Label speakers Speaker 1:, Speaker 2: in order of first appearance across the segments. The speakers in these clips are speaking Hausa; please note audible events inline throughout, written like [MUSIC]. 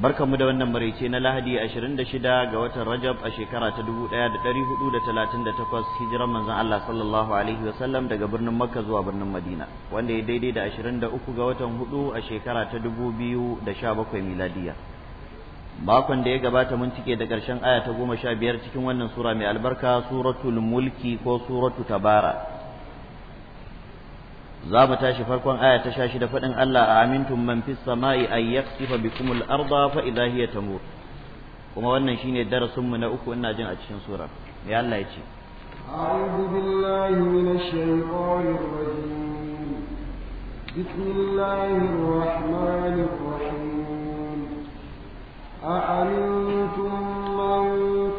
Speaker 1: mu da wannan maraice na lahadi 26 ga watan rajab a shekara ta 1438 hijiran manzon Allah sallallahu alaihi wasallam daga birnin makka zuwa birnin madina wanda ya daidai da 23 ga watan hudu a shekara ta 2017 miladiya makon da ya gabata mun cike da karshen aya ta 15 cikin wannan sura mai albarka suratul mulki ko suratu tabara za mu tashi farkon aya ta shashi da faɗin Allah a amintum man fis sama'i ay yaksifa bikumul arda fa idha hiya tamur kuma wannan shine darasin mu na uku ina jin a cikin sura me Allah ya ce
Speaker 2: أعوذ بالله من الشيطان الرجيم بسم الله الرحمن الرحيم أأمنتم من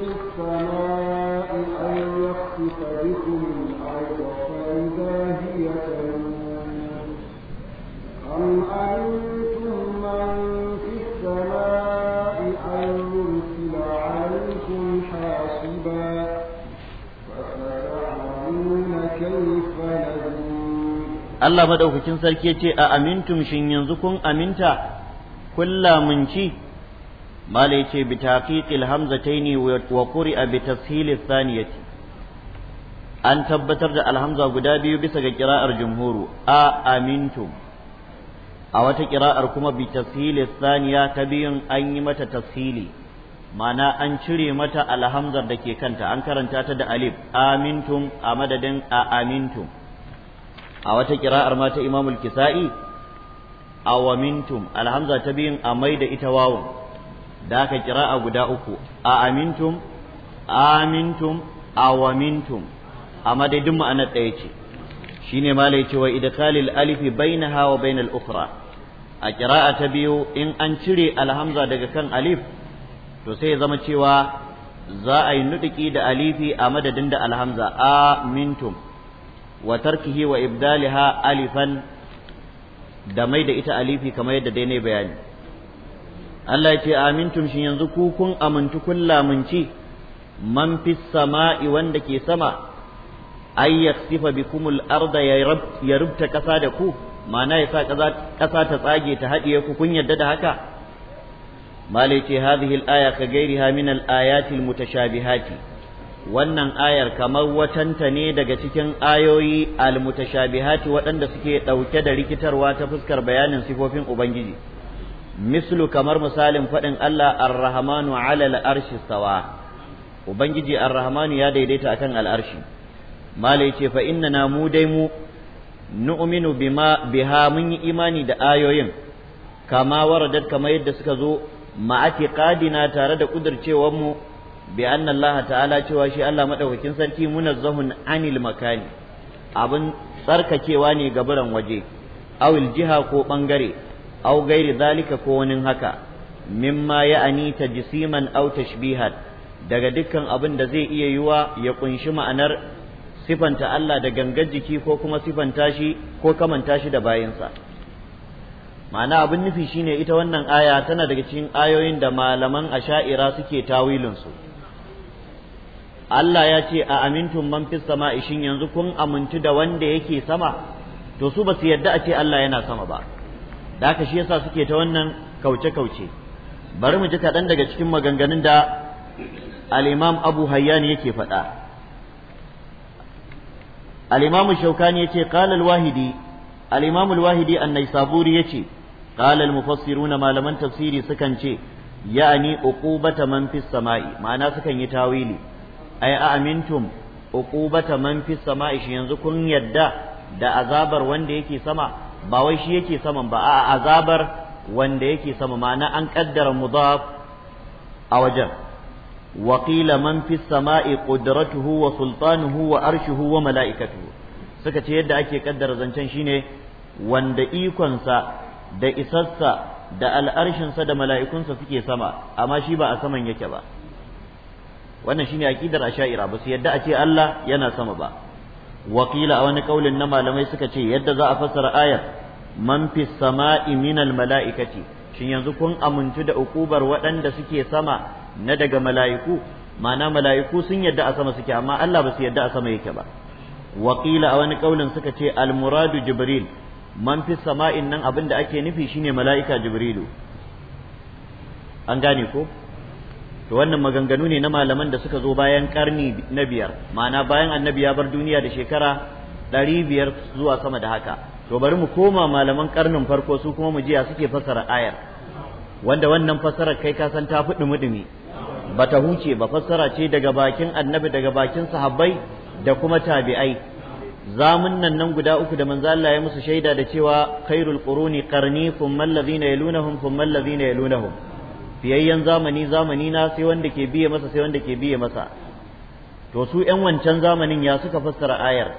Speaker 2: Allah
Speaker 1: maɗaukakin sarki ce a amintum shin yanzu kun aminta Kulla kullamunci mala ce bi taqiqil hamzataini wa quri'a bi tashilis thaniyati an tabbatar da alhamza guda biyu bisa ga kira'ar jumhuru a amintum a wata kira'ar kuma bi tashili saniya ta biyun an yi mata tashili ma'ana an cire mata alhamzar da ke kanta an karanta ta da alif amintum a madadin a amintum a wata kira'ar mata imamul kisa'i awamintum alhamza ta biyun a mai da ita wawun da aka kira'a guda uku a amintum amintum awamintum a madadin ma'anar ɗaya ce shine ma la yace wa idkhalil alifi bainaha wa bainal ukhra a kira'a ta biyu in an cire alhamza daga kan alif to sai ya zama cewa za a yi nuɗiki da alifi a madadin da alhamza mintum wa tarkihi wa ibdaliha alifan da mai da ita alifi kamar yadda dai bayani Allah ya ce amintum shi yanzu ku kun amintu kun lamunci man fi sama'i wanda ke sama ay yaksifa bikumul arda ya rubta kasa da ku ma'ana ya sa ƙasa ta tsage ta haɗiye ku kun yadda da haka malai ce hadhihi al-aya ka gairiha min al-ayati al-mutashabihati wannan ayar kamar watanta ne daga cikin ayoyi al-mutashabihati waɗanda suke ɗauke da rikitarwa ta fuskar bayanin sifofin ubangiji mislu kamar misalin faɗin Allah ar-rahmanu 'ala al-arshi sawa ubangiji ar-rahmanu ya daidaita akan al-arshi malai ce fa inna mu dai mu nu'minu bima biha mun yi imani da ayoyin kama waradat kama yadda suka zo ma'atiqadina tare da kudircewar mu bi anna Allah ta'ala cewa shi Allah madaukakin sarki munazzahun anil makani abin tsarkakewa ne ga buran waje awil jiha ko bangare aw gairi zalika ko wani haka mimma ya'ani tajsiman aw tashbihan daga dukkan abin da zai iya yiwa ya kunshi ma'anar sifanta Allah da gangar jiki ko kuma sifanta shi ko kamanta shi da bayansa ma'ana abin nufi shine ita wannan aya tana daga cikin ayoyin da malaman asha'ira suke tawilinsu Allah ya ce a amintun man fis sama ishin yanzu kun amintu da wanda yake sama to su ba su yarda a ce Allah yana sama ba da haka shi yasa suke ta wannan kauce-kauce bari mu ji kaɗan daga cikin maganganun da al-imam abu hayyan yake faɗa al-imam shaukani yace qala al-wahidi al-imam yace qala al-mufassiruna malaman tafsiri sukan ce ya'ani uqubata man fis sama'i ma'ana sukan yi tawili ay amintum uqubata man fis sama'i shi yanzu kun yarda da azabar wanda yake sama ba wai shi yake saman ba a azabar wanda yake sama ma'ana an kaddara mudaf a wajen وقيل من في السماء قدرته وسلطانه وأرشه وملائكته suka ce yadda ake kaddara zancen shine wanda ikonsa da isarsa da al'arshinsa da mala'ikunsa suke sama amma shi ba a saman yake ba wannan shine aqidar asha'ira ba su yadda a ce Allah yana sama ba wakila a wani kaulin na malamai suka ce yadda za a fassara ayar man fi sama'i minal mala'ikati shin yanzu kun amintu da ukubar waɗanda suke sama na daga mala'iku ma'ana mala'iku sun yadda a sama suke amma Allah ba su yadda a sama yake ba Wakila a wani kaulin suka ce almuradu jibril man fi sama'in nan abin da ake nufi shine mala'ika jibrilu an gane ko to wannan maganganu ne na malaman da suka zo bayan karni na biyar ma'ana bayan annabi ya bar duniya da shekara ɗari biyar zuwa sama da haka to bari mu koma malaman karnin farko su kuma mu jiya suke fasara ayar wanda wannan fassarar kai ka san ta fi ɗumi-ɗumi bata huce ba fassara ce daga bakin annabi daga bakin sahabbai da kuma tabi'ai zamun nan nan guda uku da manzo Allah ya musu shaida da cewa khairul quruni qarni thumma alladhina yalunahum thumma alladhina yalunahum fiyayyen zamani zamani na sai wanda ke biye masa sai wanda ke biye masa to su ƴan wancan zamanin ya suka fassara ayar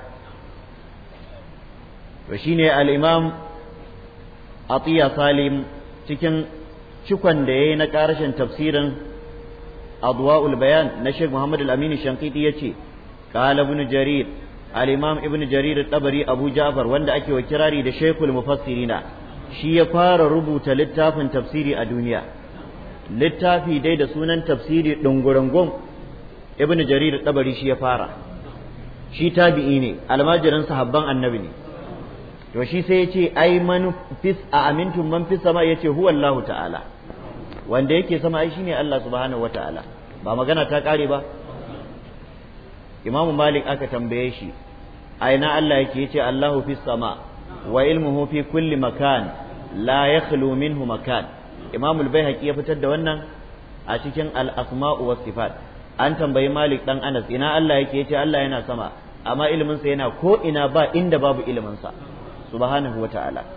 Speaker 1: to shine al-imam Atiya Salim cikin cikon da yayi na karshen tafsirin adwa'ul bayan na Sheikh Muhammad al-Amin Shankiti yace qala ibn Jarir al-Imam ibn Jarir at-Tabari Abu Ja'far wanda ake wa kirari da Sheikhul Mufassirina shi ya fara rubuta littafin tafsiri a duniya littafi dai da sunan tafsiri dungurangon ibn Jarir at-Tabari shi ya fara shi tabi'i ne almajirin sahabban annabi ne to shi sai yace ai man fis a amintun man fis sama ya ce huwa Allah ta'ala wanda yake sama ai shine Allah subhanahu wa ta'ala ba magana ta kare ba imamu malik aka tambaye shi a ina Allah yake yace Allahu fi sama wa ilmuhu fi kulli makan la yakhlu minhu makan imamu ya fitar da wannan a cikin alasma'u asmau sifat an tambayi malik dan anas ina Allah yake yace Allah yana sama amma ilminsa yana ko ina ba inda babu ilminsa subhanahu wa ta'ala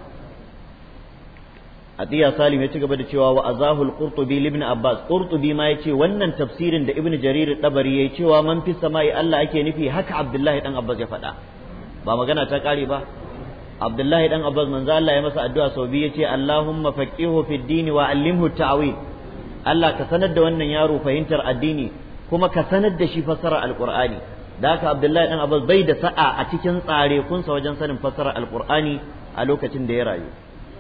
Speaker 1: atiya salim ya ci gaba da cewa wa azahul qurtubi ibn abbas qurtubi ma yace wannan tafsirin da ibn jarir dabari yayi cewa man fi sama'i allah ake nufi haka abdullahi dan abbas ya faɗa ba magana ta kare ba abdullahi dan abbas manzo allah ya masa addu'a sau biyu yace allahumma faqihu fid din wa allimhu ta'wil allah ka sanar da wannan yaro fahimtar addini kuma ka sanar da shi fassarar alqur'ani da haka abdullahi dan abbas bai da sa'a a cikin tsare kunsa wajen sanin fassarar alqur'ani a lokacin da ya rayu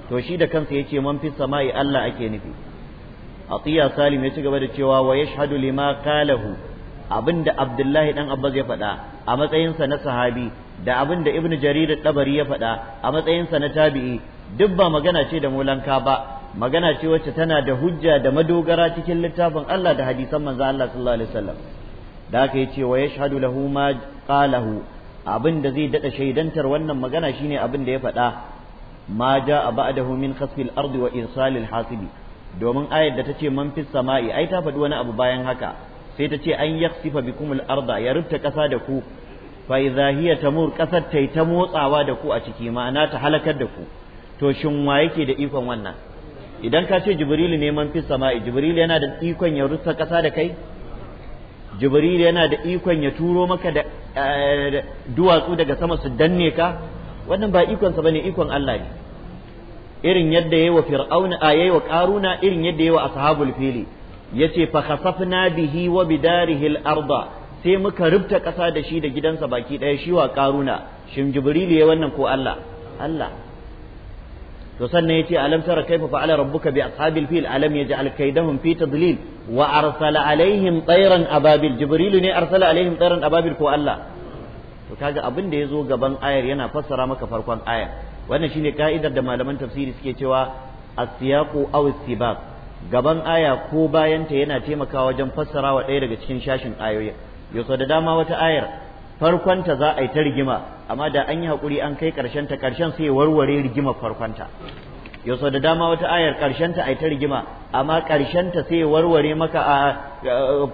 Speaker 1: to shi da kansa yace man fi sama'i Allah ake nufi atiya salim ya ci gaba da cewa wa yashhadu lima qalahu abinda abdullahi dan abbas ya faɗa a matsayinsa na sahabi da abinda ibnu jarir dabari ya faɗa a matsayinsa na tabi'i duk ba magana ce da molanka ba magana ce wacce tana da hujja da madogara cikin littafin Allah da hadisan manzo Allah sallallahu alaihi wasallam da aka yace wa yashhadu lahu ma qalahu abinda zai dada shaidantar wannan magana shine ne abinda ya faɗa ma ba ba'dahu min khasfil ardi wa irsalil hasibi domin ayar da tace man fis sama'i ai ta faɗi wani abu bayan haka sai ta ce an yaksifa bikumul arda ya rufta ƙasa da ku fa idza hiya tamur ƙasar tai ta motsawa da ku a ciki ma'ana ta halakar da ku to shin wa yake da ikon wannan idan ka ce jibrilu ne man fis sama'i jibrilu yana da ikon ya rufta ƙasa da kai jibril yana da ikon ya turo maka da eh, duwatsu daga sama su danne ka wannan ba ikonsa ne ikon Allah ne irin yadda yayi wa fir'auna a yayi wa qaruna irin yadda yayi wa ashabul fili yace fa khasafna bihi wa bidarihi al-arda sai muka rubta kasa da shi da gidansa baki daya shi wa qaruna shin jibril yayi wannan ko Allah Allah to sannan yace alam tara kaifa fa'ala rabbuka bi ashabil fil alam yaj'al kaydahum fi tadlil wa arsala alaihim tayran ababil jibril ne arsala alaihim tayran ababil ko Allah to kaga abin da yazo gaban ayar yana fassara maka farkon ayar wannan shine ka'idar da malaman tafsiri suke cewa as-siyaqu aw as-sibaq gaban aya ko bayanta yana taimakawa wajen fassara wa ɗaya daga cikin shashin ayoyin yau da dama wata ayar farkonta za a yi ta rigima amma da an yi haƙuri an kai karshen ta karshen sai warware rigimar farkonta yau sau da dama wata ayar karshen ta a yi ta rigima amma karshen ta sai warware maka a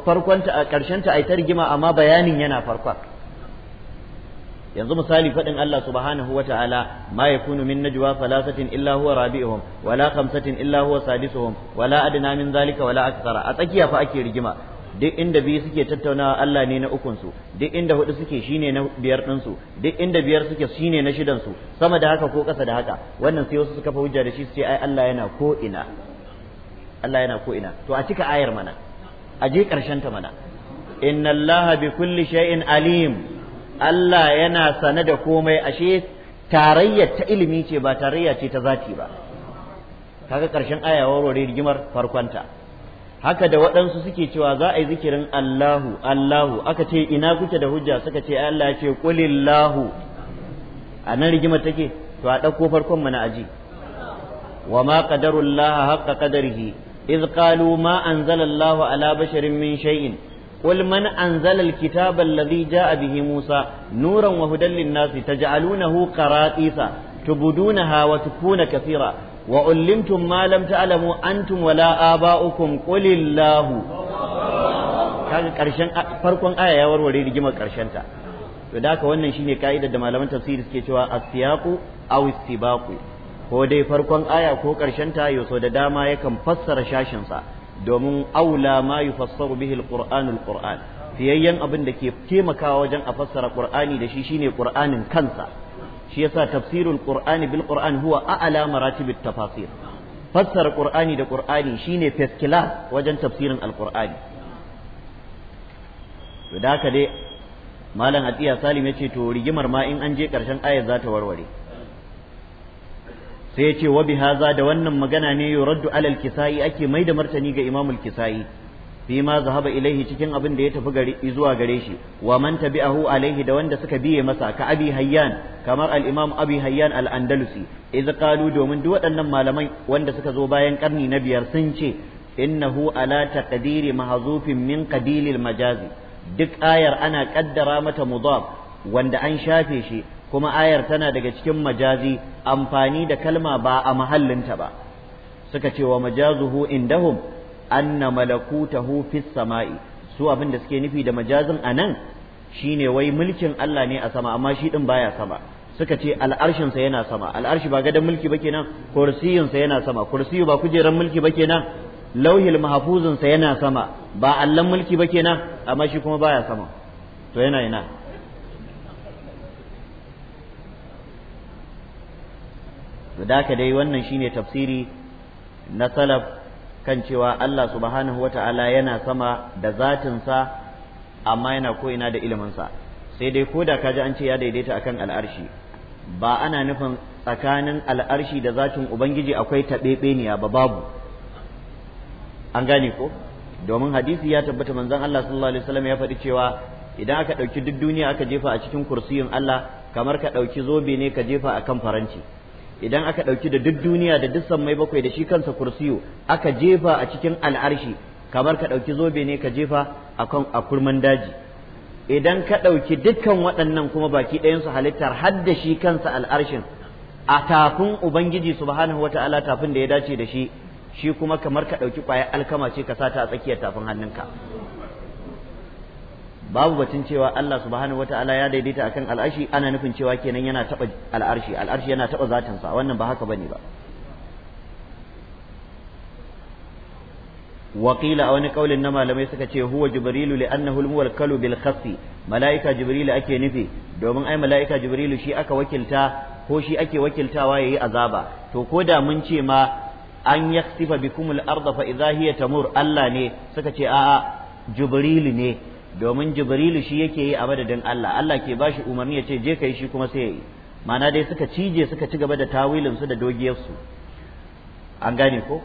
Speaker 1: farkonta a ta a yi ta rigima amma bayanin yana farkon yanzu misali faɗin Allah subhanahu wa ta'ala ma kunu min najwa salasatin illa huwa rabi'uhum wala khamsatin illa huwa sadisuhum wala adna min zalika wala akthara a tsakiya fa ake rigima duk inda biyu suke tattaunawa Allah ne na ukun su duk inda hudu suke shine na biyar din su duk inda biyar suke shine na shidan su sama da haka ko ƙasa da haka wannan sai wasu suka fa hujja da shi sai ai Allah yana ko ina Allah yana ko ina to a cika ayar mana a je ƙarshen ta mana inna Allah bi kulli shay'in alim Allah yana sane da komai ashe tarayya ta ilimi ce ba tarayya ce ta zati ba kaga karshen aya warware rigimar farkonta haka da waɗansu suke cewa za a yi zikirin Allahu Allahu aka ce ina kuke da hujja suka ce Allah ya ce qulillahu a nan rigimar take to a ɗauko farkon mana aji wa ma qadarullaha haqqa qadarihi iz qalu ma anzalallahu ala basharin min shay'in قل من أنزل الكتاب الذي جاء به موسى نورا وهدى للناس تجعلونه قراطيسا تبدونها وتكون كثيرا وعلمتم ما لم تعلموا أنتم ولا آباؤكم قل الله kaga karshen farkon aya ya warware rigimar karshen ta to da haka wannan shine kaidar da malaman tafsiri suke cewa as-siyaqu aw istibaqu ko dai farkon aya ko karshen ta yaso da dama yakan fassara shashin sa domin aula ma fassaru bihi alqur'anu alqur'an fiyayyen abin da ke taimakawa wajen a fassara qur'ani da shi shine qur'anin kansa shi yasa tafsirul qur'ani bil qur'an huwa a'la maratibit tafasir fassara qur'ani da qur'ani shine first wajen tafsirin alqur'ani to da haka dai malam atiya salim ya ce to rigimar ma in an je ƙarshen ayar za ta warware sai ce wa bihaza da wannan magana ne yuraddu alal kisai ake mai da martani ga imamul kisai fi ma zahaba ilaihi cikin abin da ya tafi zuwa gare shi wa man tabi'ahu alaihi da wanda suka biye masa ka abi hayyan kamar al-imam abi hayyan al-andalusi idza qalu domin duk waɗannan malamai wanda suka zo bayan karni na biyar sun ce innahu ala taqdiri mahzufin min qadilil majazi duk ayar ana kaddara mata mudaf wanda an shafe shi kuma ayar tana daga cikin majazi amfani da kalma ba a mahallinta ba suka ce wa majazuhu indahum anna malakutahu fis sama'i su abin da suke nufi da majazin anan shine wai mulkin Allah ne a sama amma shi din baya sama suka ce al'arshinsa yana sama al'arshi ba gadon mulki ba kenan sa yana sama kursiyu ba kujeran mulki ba kenan lauhil sa yana sama ba allan mulki ba kenan amma shi kuma baya sama to yana yana. da ka dai wannan shine tafsiri na salaf kan cewa Allah subhanahu wata'ala yana sama da zatinsa amma yana ko'ina da iliminsa sai dai ko da ka ji an ce ya daidaita akan al'arshi ba ana nufin tsakanin al'arshi da zatin ubangiji akwai taɓeɓeniya ba babu an gane ko domin hadisi ya tabbata manzon Allah sallallahu alaihi wasallam ya faɗi cewa idan aka ɗauki duk duniya aka jefa a cikin kursiyin Allah kamar ka ɗauki zobe ne ka jefa akan faranci. idan aka ɗauki da duk duniya da duk mai bakwai da shi kansa kursiyu aka jefa a cikin al'arshi kamar ka ɗauki zobe ne ka jefa a kurman daji idan ka ɗauki dukkan waɗannan kuma baki ɗayansu halittar har da shi kansa al'arshin a tafin ubangiji subhanahu wata'ala tafin da ya dace da shi shi kuma kamar ka ɗauki ƙwayar alkama ce ka sata a tsakiyar tafin hannunka babu batun cewa Allah subhanahu wataala ya daidaita akan al'arshi ana nufin cewa kenan yana taba al'arshi al'arshi yana taba zatin sa wannan ba haka bane ba wa a wani kaulin na malamai suka ce huwa jibrilu li annahu al-muwakkalu bil khassi malaika jibrilu ake nufi domin ai malaika jibrilu shi aka wakilta ko shi ake wakiltawa ya yi azaba to ko da mun ce ma an yakhsifa bikumul arda fa idha tamur Allah ne suka ce a'a jibrilu ne domin jibrilu shi yake yi a madadin Allah Allah ke bashi umarni ya ce je kai shi kuma sai ya yi mana dai suka cije suka ci gaba da tawilin su da dogiyar su an gane ko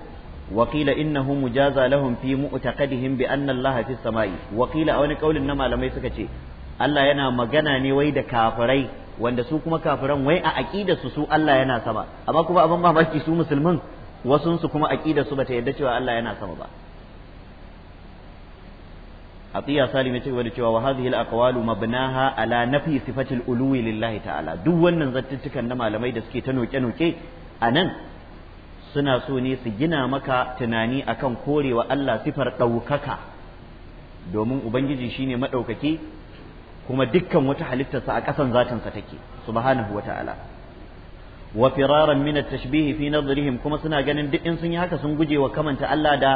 Speaker 1: وقيل إنه مجازى لهم في معتقدهم بأن sama'i في السماء wani أولي na malamai suka ce. Allah yana magana ne wai da kafirai wanda su kuma kafiran wai a aƙida su su Allah yana sama amma kuma abin mamaki su musulmin wasunsu kuma aƙida su bata yarda cewa Allah yana sama ba atiya salim ya ce da cewa wa hadhihi al-aqwalu mabnaha ala nafi sifatil uluwi lillahi ta'ala duk wannan zattuttukan na malamai da suke ta noke noke anan suna so ne su gina maka tunani akan korewa Allah sifar ɗaukaka domin ubangiji shine madaukaki kuma dukkan wata halittarsa a ƙasan zatinsa take subhanahu wa ta'ala wa firaran min at-tashbih fi nadrihim kuma suna ganin duk in sun yi haka sun guje wa kamanta Allah da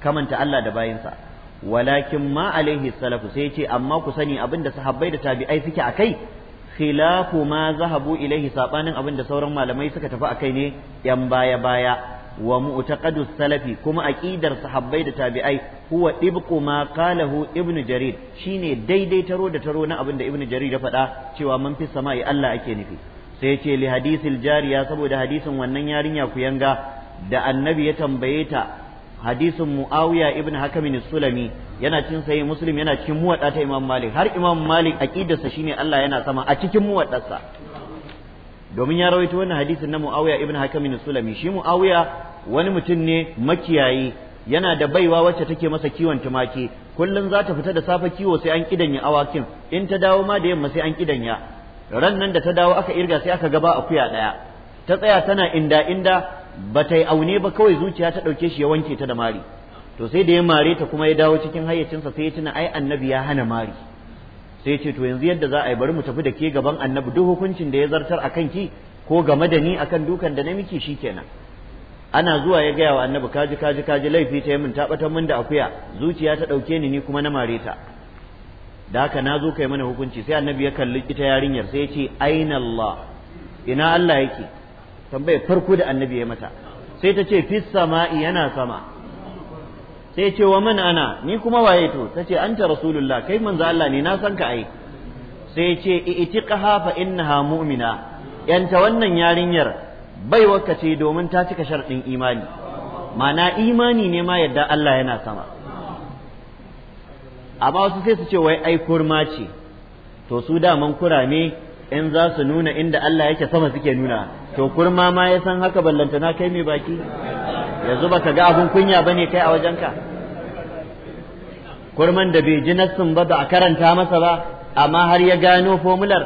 Speaker 1: kamanta Allah da bayinsa walakin ma alaihi salafu sai ce amma ku sani da sahabbai da tabi'ai suke a kai. khilafu ma zahabu ilaihi abin da sauran malamai suka tafi kai ne yan baya baya wa mu'taqadu salafi kuma aqidar sahabbai da tabi'ai huwa ibqu ma kalahu ibnu jarir shine daidai taro da taro na abin da ibnu jarir ya faɗa cewa man fi sama'i Allah ake nufi sai ce li hadisil jariya saboda hadisin wannan yarinya ku yanga da annabi ya tambaye ta hadisin muawiya ibn hakim sulami yana cin sai muslim yana cikin muwadda ta imam malik har imam malik aqidarsa shine Allah yana sama a cikin muwaɗarsa domin ya rawaito wannan hadisin na muawiya ibn hakim sulami shi muawiya wani mutum ne makiyayi yana da baiwa wacce take masa kiwon tumaki kullum za ta fita da safe kiwo sai an kidanya awakin in ta dawo ma da yamma sai an kidanya ran nan da ta dawo aka irga sai aka gaba akuya daya ta tsaya tana inda inda ba ta yi aune ba kawai zuciya ta ɗauke shi ya wanke ta da mari to sai da ya mare ta kuma ya dawo cikin hayyacinsa sai ya tuna ai annabi ya hana mari sai ce to yanzu yadda za a yi bari mu tafi da ke gaban annabi duk hukuncin da ya zartar a kanki ko game da ni akan dukan da na miki shi kenan. ana zuwa ya gaya wa annabi kaji kaji kaji laifi ta yi min ta batar min da akuya zuciya ta ɗauke ni ni kuma na mare ta da haka na zo kai mana hukunci sai annabi ya kalli ita yarinyar sai ya ce ainallah ina Allah yake tambayar farko da annabi ya mata sai ta ce fis sama'i yana sama sai ce wa man ana ni kuma waye to tace ce anta rasulullah kai manzo Allah ne na san ka ai sai ce itiqaha fa innaha mu'mina yanta wannan yarinyar bai ce domin ta cika sharɗin imani mana imani ne ma yadda Allah yana sama amma wasu sai su ce wai ai kurma ce to su daman kurame in za su nuna inda Allah yake sama suke nuna to kurma ma ya san haka ballantana kai mai baki yanzu baka ga abun kunya bane kai a wajenka kurman da bai ji nassin ba ba a karanta masa ba amma har ya gano fomular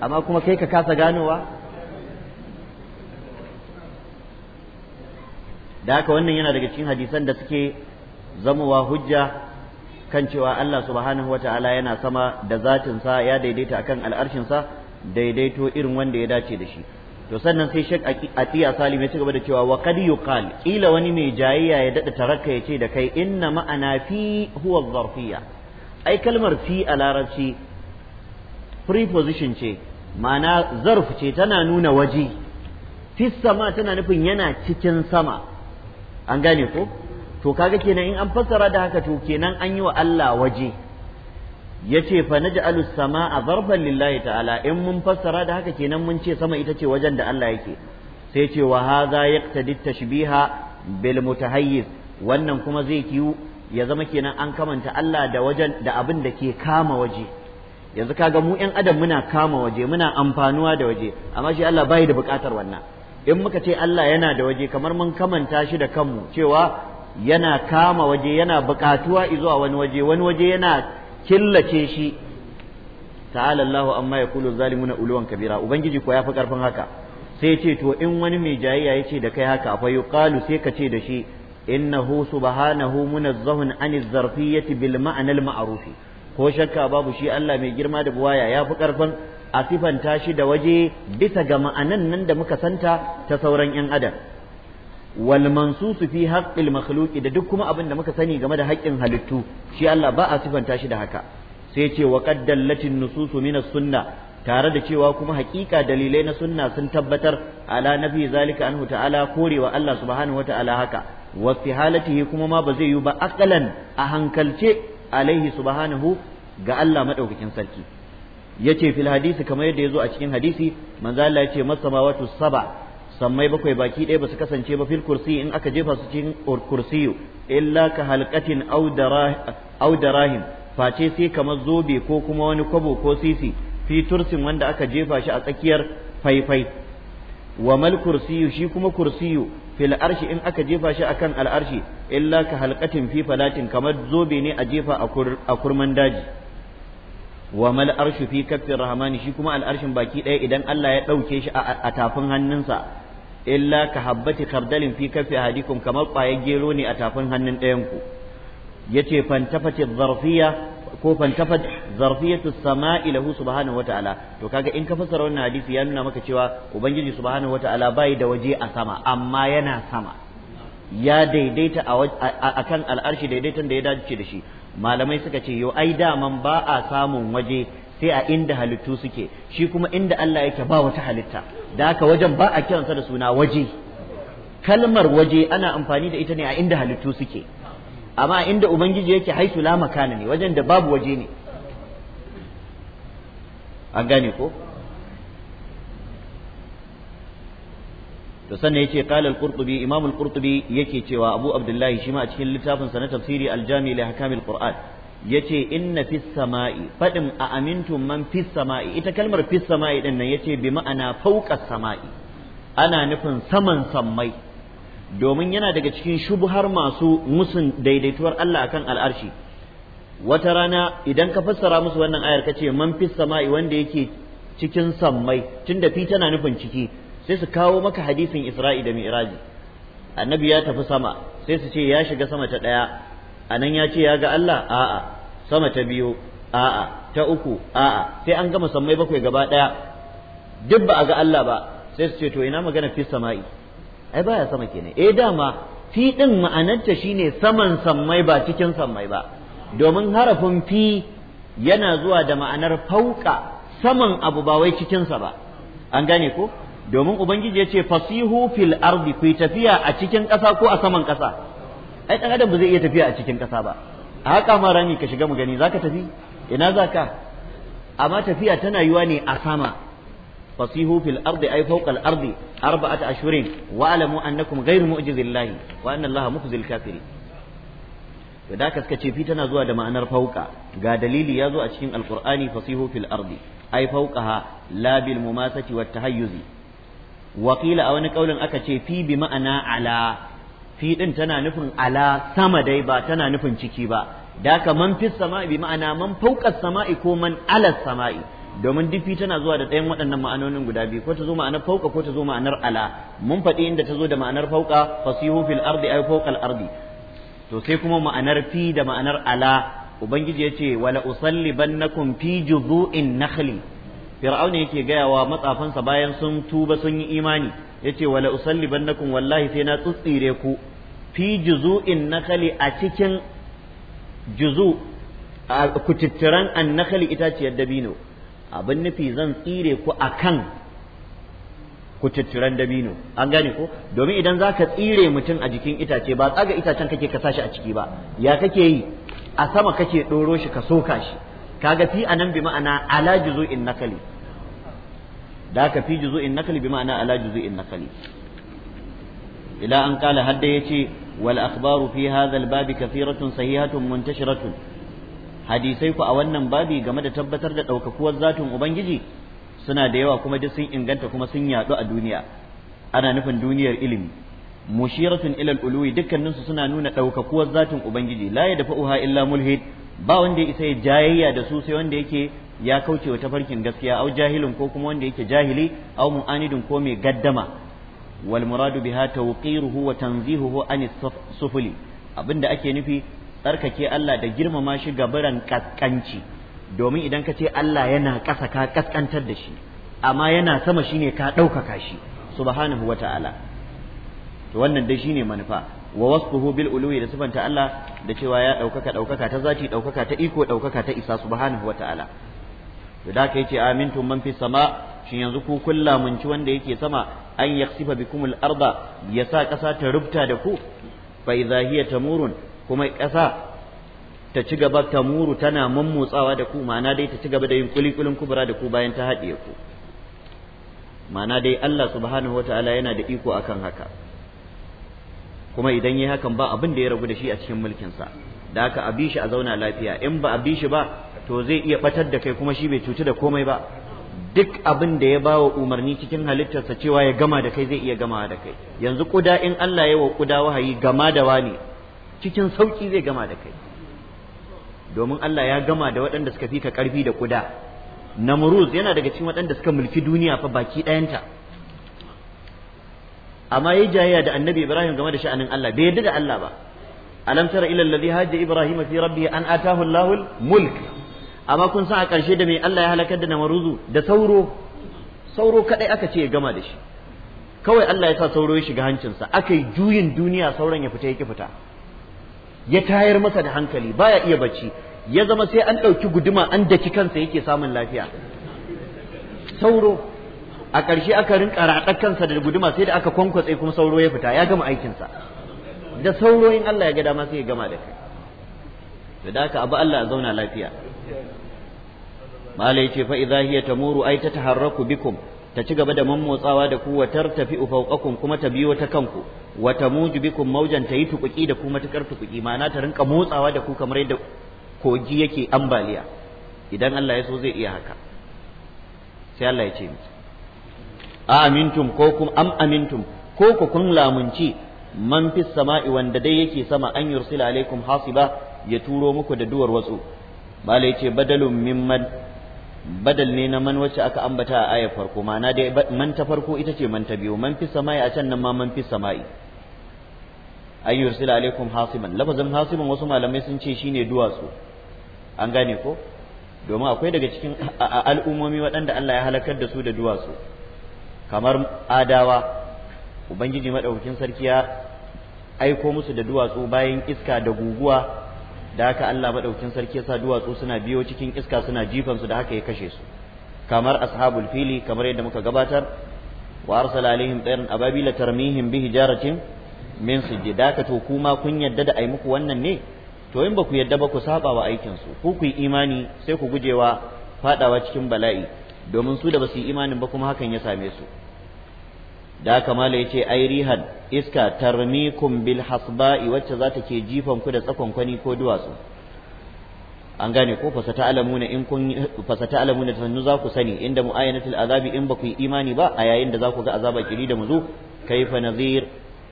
Speaker 3: amma kuma kai ka kasa ganowa
Speaker 1: da haka wannan yana daga cikin hadisan da suke zamowa hujja kan cewa Allah subhanahu wata'ala yana sama da zatinsa ya daidaita akan al'arshinsa daidaito irin wanda ya dace da shi to sannan sai a Atiya Salim ya ci gaba da cewa wa qad yuqal wani mai jayayya ya dada taraka ya ce da kai inna ma'ana fi huwa zarfiya ai kalmar fi a larabci preposition ce ma'ana zarf ce tana nuna waje fi sama tana nufin yana cikin sama an gane ko to kaga kenan in an fassara da haka to kenan an yi wa Allah waje yace fa naj'alu samaa zarban lillahi ta'ala in mun fassara da haka kenan mun ce sama ita ce wajen da Allah yake sai ce wa hadha yaqtadi tashbiha bil mutahayyiz wannan kuma zai kiyu ya zama kenan an kamanta Allah da wajen da abin da ke kama waje yanzu kaga mu yan adam muna kama waje muna amfanuwa da waje amma shi Allah bai da bukatar wannan in muka ce Allah yana da waje kamar mun kamanta shi da kanmu cewa yana kama waje yana buƙatuwa zuwa wani waje wani waje yana killace shi ta'ala Allahu amma yaqulu zalimuna uluwan kabira ubangiji ko fi karfin haka sai ce to in wani mai jayayya ce da kai haka fa yuqalu sai ka ce da shi innahu subhanahu munazzahun anil zarfiyyati bil ma'na al ma'ruf ko shakka babu shi Allah mai girma da buwaya ya fi karfin a sifanta shi da waje bisa ga ma'anan nan da muka santa ta sauran 'yan adam wal mansusu fi haqqil makhluqi da duk kuma abin da muka sani game da haƙƙin halittu shi Allah ba a sifanta shi da haka sai ce wa qad dallatin nususu min sunna tare da cewa kuma haƙiƙa dalilai na sunna sun tabbatar ala nafi zalika anhu ta'ala korewa Allah subhanahu wata'ala haka wa halatihi kuma ma ba zai yiwu ba aqalan a hankalce alaihi subhanahu ga Allah madaukakin sarki yace fil hadisi kamar yadda yazo a cikin hadisi manzo Allah yace masamawatu saba' sammai bakwai baki ɗaya ba su kasance ba fil kursi in aka jefa su cikin kursiyu illa ka halqatin aw darahim face sai kamar zobe ko kuma wani kwabo ko sisi fi tursin wanda aka jefa shi a tsakiyar faifai wa mal kursiyu shi kuma kursiyu fil arshi in aka jefa shi akan al arshi illa ka halqatin fi falatin kamar zobe ne a jefa a kurman daji wa mal arshu fi kaffi rahmani shi kuma al arshin baki ɗaya idan Allah ya ɗauke shi a tafin hannunsa illa ka habbati kardalin fi kafi hadikum kamar ƙwayar gero ne a tafin hannun ɗayan ku ce fantafati zarfiya ko fantafat zarfiyatu sama'i lahu wata'ala to kaga in ka fassara wannan hadisi ya nuna maka cewa ubangiji subhanahu wata'ala bai da waje a sama amma yana sama ya daidaita a kan al'arshi daidaitan da ya dace da shi malamai suka ce yau ai daman ba a samun waje sai a inda halittu suke shi kuma inda Allah yake ba wata halitta da haka wajen ba a kiransa da suna waje kalmar waje ana amfani da ita ne a inda halittu suke amma inda ubangiji yake haisu la makana ne wajen da babu waje ne an gane ko to sannan yace qala al-qurtubi imam al-qurtubi yake cewa abu abdullahi shi ma a cikin littafin sa na tafsiri al-jami li ahkam al-qur'an yace inna fis sama'i fadin a amintum man fis sama'i ita kalmar fis sama'i din nan yace bi ma'ana fauqa sama'i ana nufin saman sammai domin yana daga cikin shubuhar masu musun daidaituwar Allah akan al'arshi wata rana idan ka fassara musu wannan ayar kace man fis sama'i wanda yake cikin sammai tunda fi tana nufin ciki sai su kawo maka hadisin Isra'i da Mi'raji annabi ya tafi sama sai su ce ya shiga sama ta ɗaya. anan ya ce ya ga Allah a'a sama ta biyu a'a ta uku a'a sai an gama sammai bakwai gaba daya duk ba a ga Allah ba sai su ce to ina magana fi sama'i ai baya sama kenan eh dama fi din ma'anarta shine saman sammai ba cikin sammai ba domin harafin fi yana zuwa da ma'anar fauka saman abu ba wai cikinsa ba an gane ko domin ubangiji ya ce fasihu fil ardi ku tafiya a cikin ƙasa ko a saman ƙasa ai dan adam ba zai iya tafiya a cikin ƙasa ba a haka ma rami ka shiga mu gani zaka tafi ina ka amma tafiya tana yiwa ne a sama fasihu fil ardi ay fawqa al ardi arba'at ashhurin wa alamu annakum ghayru mu'jizillahi wa anna allaha mukhzil kafirin to da ka ce fi tana zuwa da ma'anar fauka ga dalili ya zo a cikin alqur'ani fasihu fil ardi ay fawqaha la bil mumasati wat tahayyuzi wa qila a wani kaulin aka ce fi bi ma'ana ala fi din tana nufin ala sama dai ba tana nufin ciki ba da ka man fi sama'i bi ma'ana man fauka sama'i ko man ala sama'i domin duk fi tana zuwa da ɗayan waɗannan ma'anonin guda biyu ko ta zo ma'anar fauka ko ta zo ma'anar ala mun faɗi inda ta zo da ma'anar fauka fasihu fil ardi ay fawqal ardi to sai kuma ma'anar fi da ma'anar ala ubangiji yace wala usallibannakum fi juzu'in nakhli fir'auna yake gayawa matsafansa bayan sun tuba sun yi imani yace wala usallibannakum wallahi sai na tsitsire ku fi juzu'in nakali a cikin juzu a kututturan nakali itaciyar dabino abin nufi zan tsire ku kan kututturan dabino an gane ko domin idan za ka tsire mutum a jikin itace ba tsaga itacen kake ka sashi a ciki ba ya kake yi a sama kake ɗoro shi ka soka shi kaga fi anan bi ma'ana ala juzu'in nakali da ka fi juzu'in nakali bi ma'ana ala juzu'in nakali ila an kala hadda yace والأخبار في هذا الباب كثيرة صحيحة منتشرة حديثيك أولا بابي جمد تبتر لأوككوا الذات ubangiji suna da yawa kuma duk sun inganta kuma sun yaɗu a duniya ana nufin duniyar ilimi mushiratun ilal uluwi dukkanin suna nuna ɗaukakuwar zatin ubangiji la ya dafa uha illa mulhid ba wanda ya isa ya jayayya da su sai wanda yake ya kauce wa tafarkin gaskiya au jahilin ko kuma wanda yake jahili au mu'anidin ko mai gaddama wal muradu biha tawqiruhu wa tanzihuhu an sufuli abinda ake nufi tsarkake Allah da girmama shi gabaran kaskanci domin idan ka ce Allah yana kasa ka kaskantar da shi amma yana sama shine ka ɗaukaka shi subhanahu wa ta'ala to wannan dai shine manufa wa wasfuhu bil uluwi da sifanta Allah da cewa ya ɗaukaka ɗaukaka ta zati ɗaukaka ta iko ɗaukaka ta isa subhanahu wa ta'ala to da ka yace amintum man fis sama shin yanzu ku mun ci wanda yake sama an yaksifa bikumul arda ya sa ƙasa ta rubta da ku fa idza hiya tamurun kuma ƙasa ta ci gaba tamuru tana mummutsawa da ku ma'ana dai ta ci gaba da yin kulikulin kubura da ku bayan ta haɗiye ku ma'ana dai Allah subhanahu wataala yana da iko akan haka kuma idan yi hakan ba abin da ya ragu da shi a cikin mulkinsa da haka a bi shi a zauna lafiya in ba a bi shi ba to zai iya ɓatar da kai kuma shi bai cuci da komai ba duk abin da ya bawa umarni cikin halittarsa cewa ya gama da kai zai iya gama da kai yanzu kuda in Allah ya wa kuda wahayi gama da wani cikin sauki zai gama da kai domin Allah ya gama da waɗanda suka fika ƙarfi da kuda namruz yana daga cikin waɗanda suka mulki duniya fa baki ɗayanta amma yayi jayayya da annabi Ibrahim game da sha'anin Allah bai yarda da Allah ba alam tara ila alladhi hajja ibrahima fi rabbi an atahu Allahul mulk amma kun san a ƙarshe da mai Allah ya halakar da namaruzu da sauro sauro kadai aka ce ya gama da shi kawai Allah ya sa sauro ya shiga hancinsa aka yi juyin duniya sauran ya fita yake fita ya tayar masa da hankali baya iya bacci ya zama sai an ɗauki guduma an daki kansa yake samun lafiya sauro a ƙarshe aka rinka raɗa kansa da guduma sai da aka kwankwatse kuma sauro ya fita ya gama aikinsa da sauro in Allah ya ga dama sai ya gama da kai da haka abu Allah ya zauna lafiya mala yace fa idza ai ta ta tataharraku bikum ta ci gaba da mammotsawa da ku wata tafi ufaukakun kuma ta biyo ta kanku wata tamuju bikum maujan ta yi tukuki da ku matakar tukuki ma'ana ta rinka motsawa da ku kamar yadda kogi yake ambaliya idan Allah ya so zai iya haka sai Allah ya ce miki a amintum ko kum am amintum ko ku kun lamunci man fis sama'i wanda dai yake sama an yursila alaikum hasiba ya turo muku da duwar watsu bala yace badalun mimman badal ne na man wacce aka ambata a ayar farko ma'ana dai man ta farko ita ce man ta biyu man fi sama'i a can nan ma man fi sama'i an yursila alaikum hasiban lafazin hasiban wasu malamai sun ce shine duwatsu an gane ko domin akwai daga cikin al'ummomi waɗanda Allah ya halakar da su da duwatsu kamar adawa ubangiji madaukin sarki ya aiko musu da duwatsu bayan iska da guguwa da haka Allah madaukin sarki sa duwatsu suna biyo cikin iska suna jifan su da haka ya kashe su kamar ashabul fili kamar yadda muka gabatar wa arsala alaihim tayran ababila tarmihim bi hijaratin min sijji da haka to kuma kun yadda da ai muku wannan ne to in ba ku yadda ba ku saba wa aikin su ku ku imani sai ku gujewa fadawa cikin bala'i domin su da basu yi imanin ba kuma hakan ya same su da haka mala yace ai rihan iska tarmikum bil hasba'i wacce za ta ke jifan ku da tsakon kwani ko duwatsu an gane ko fasata'lamuna in kun fasata'lamuna sannu za ku sani inda mu'ayyanatul azabi in ba ku yi imani ba a yayin da za ku ga azaba kiri da muzu kaifa nazir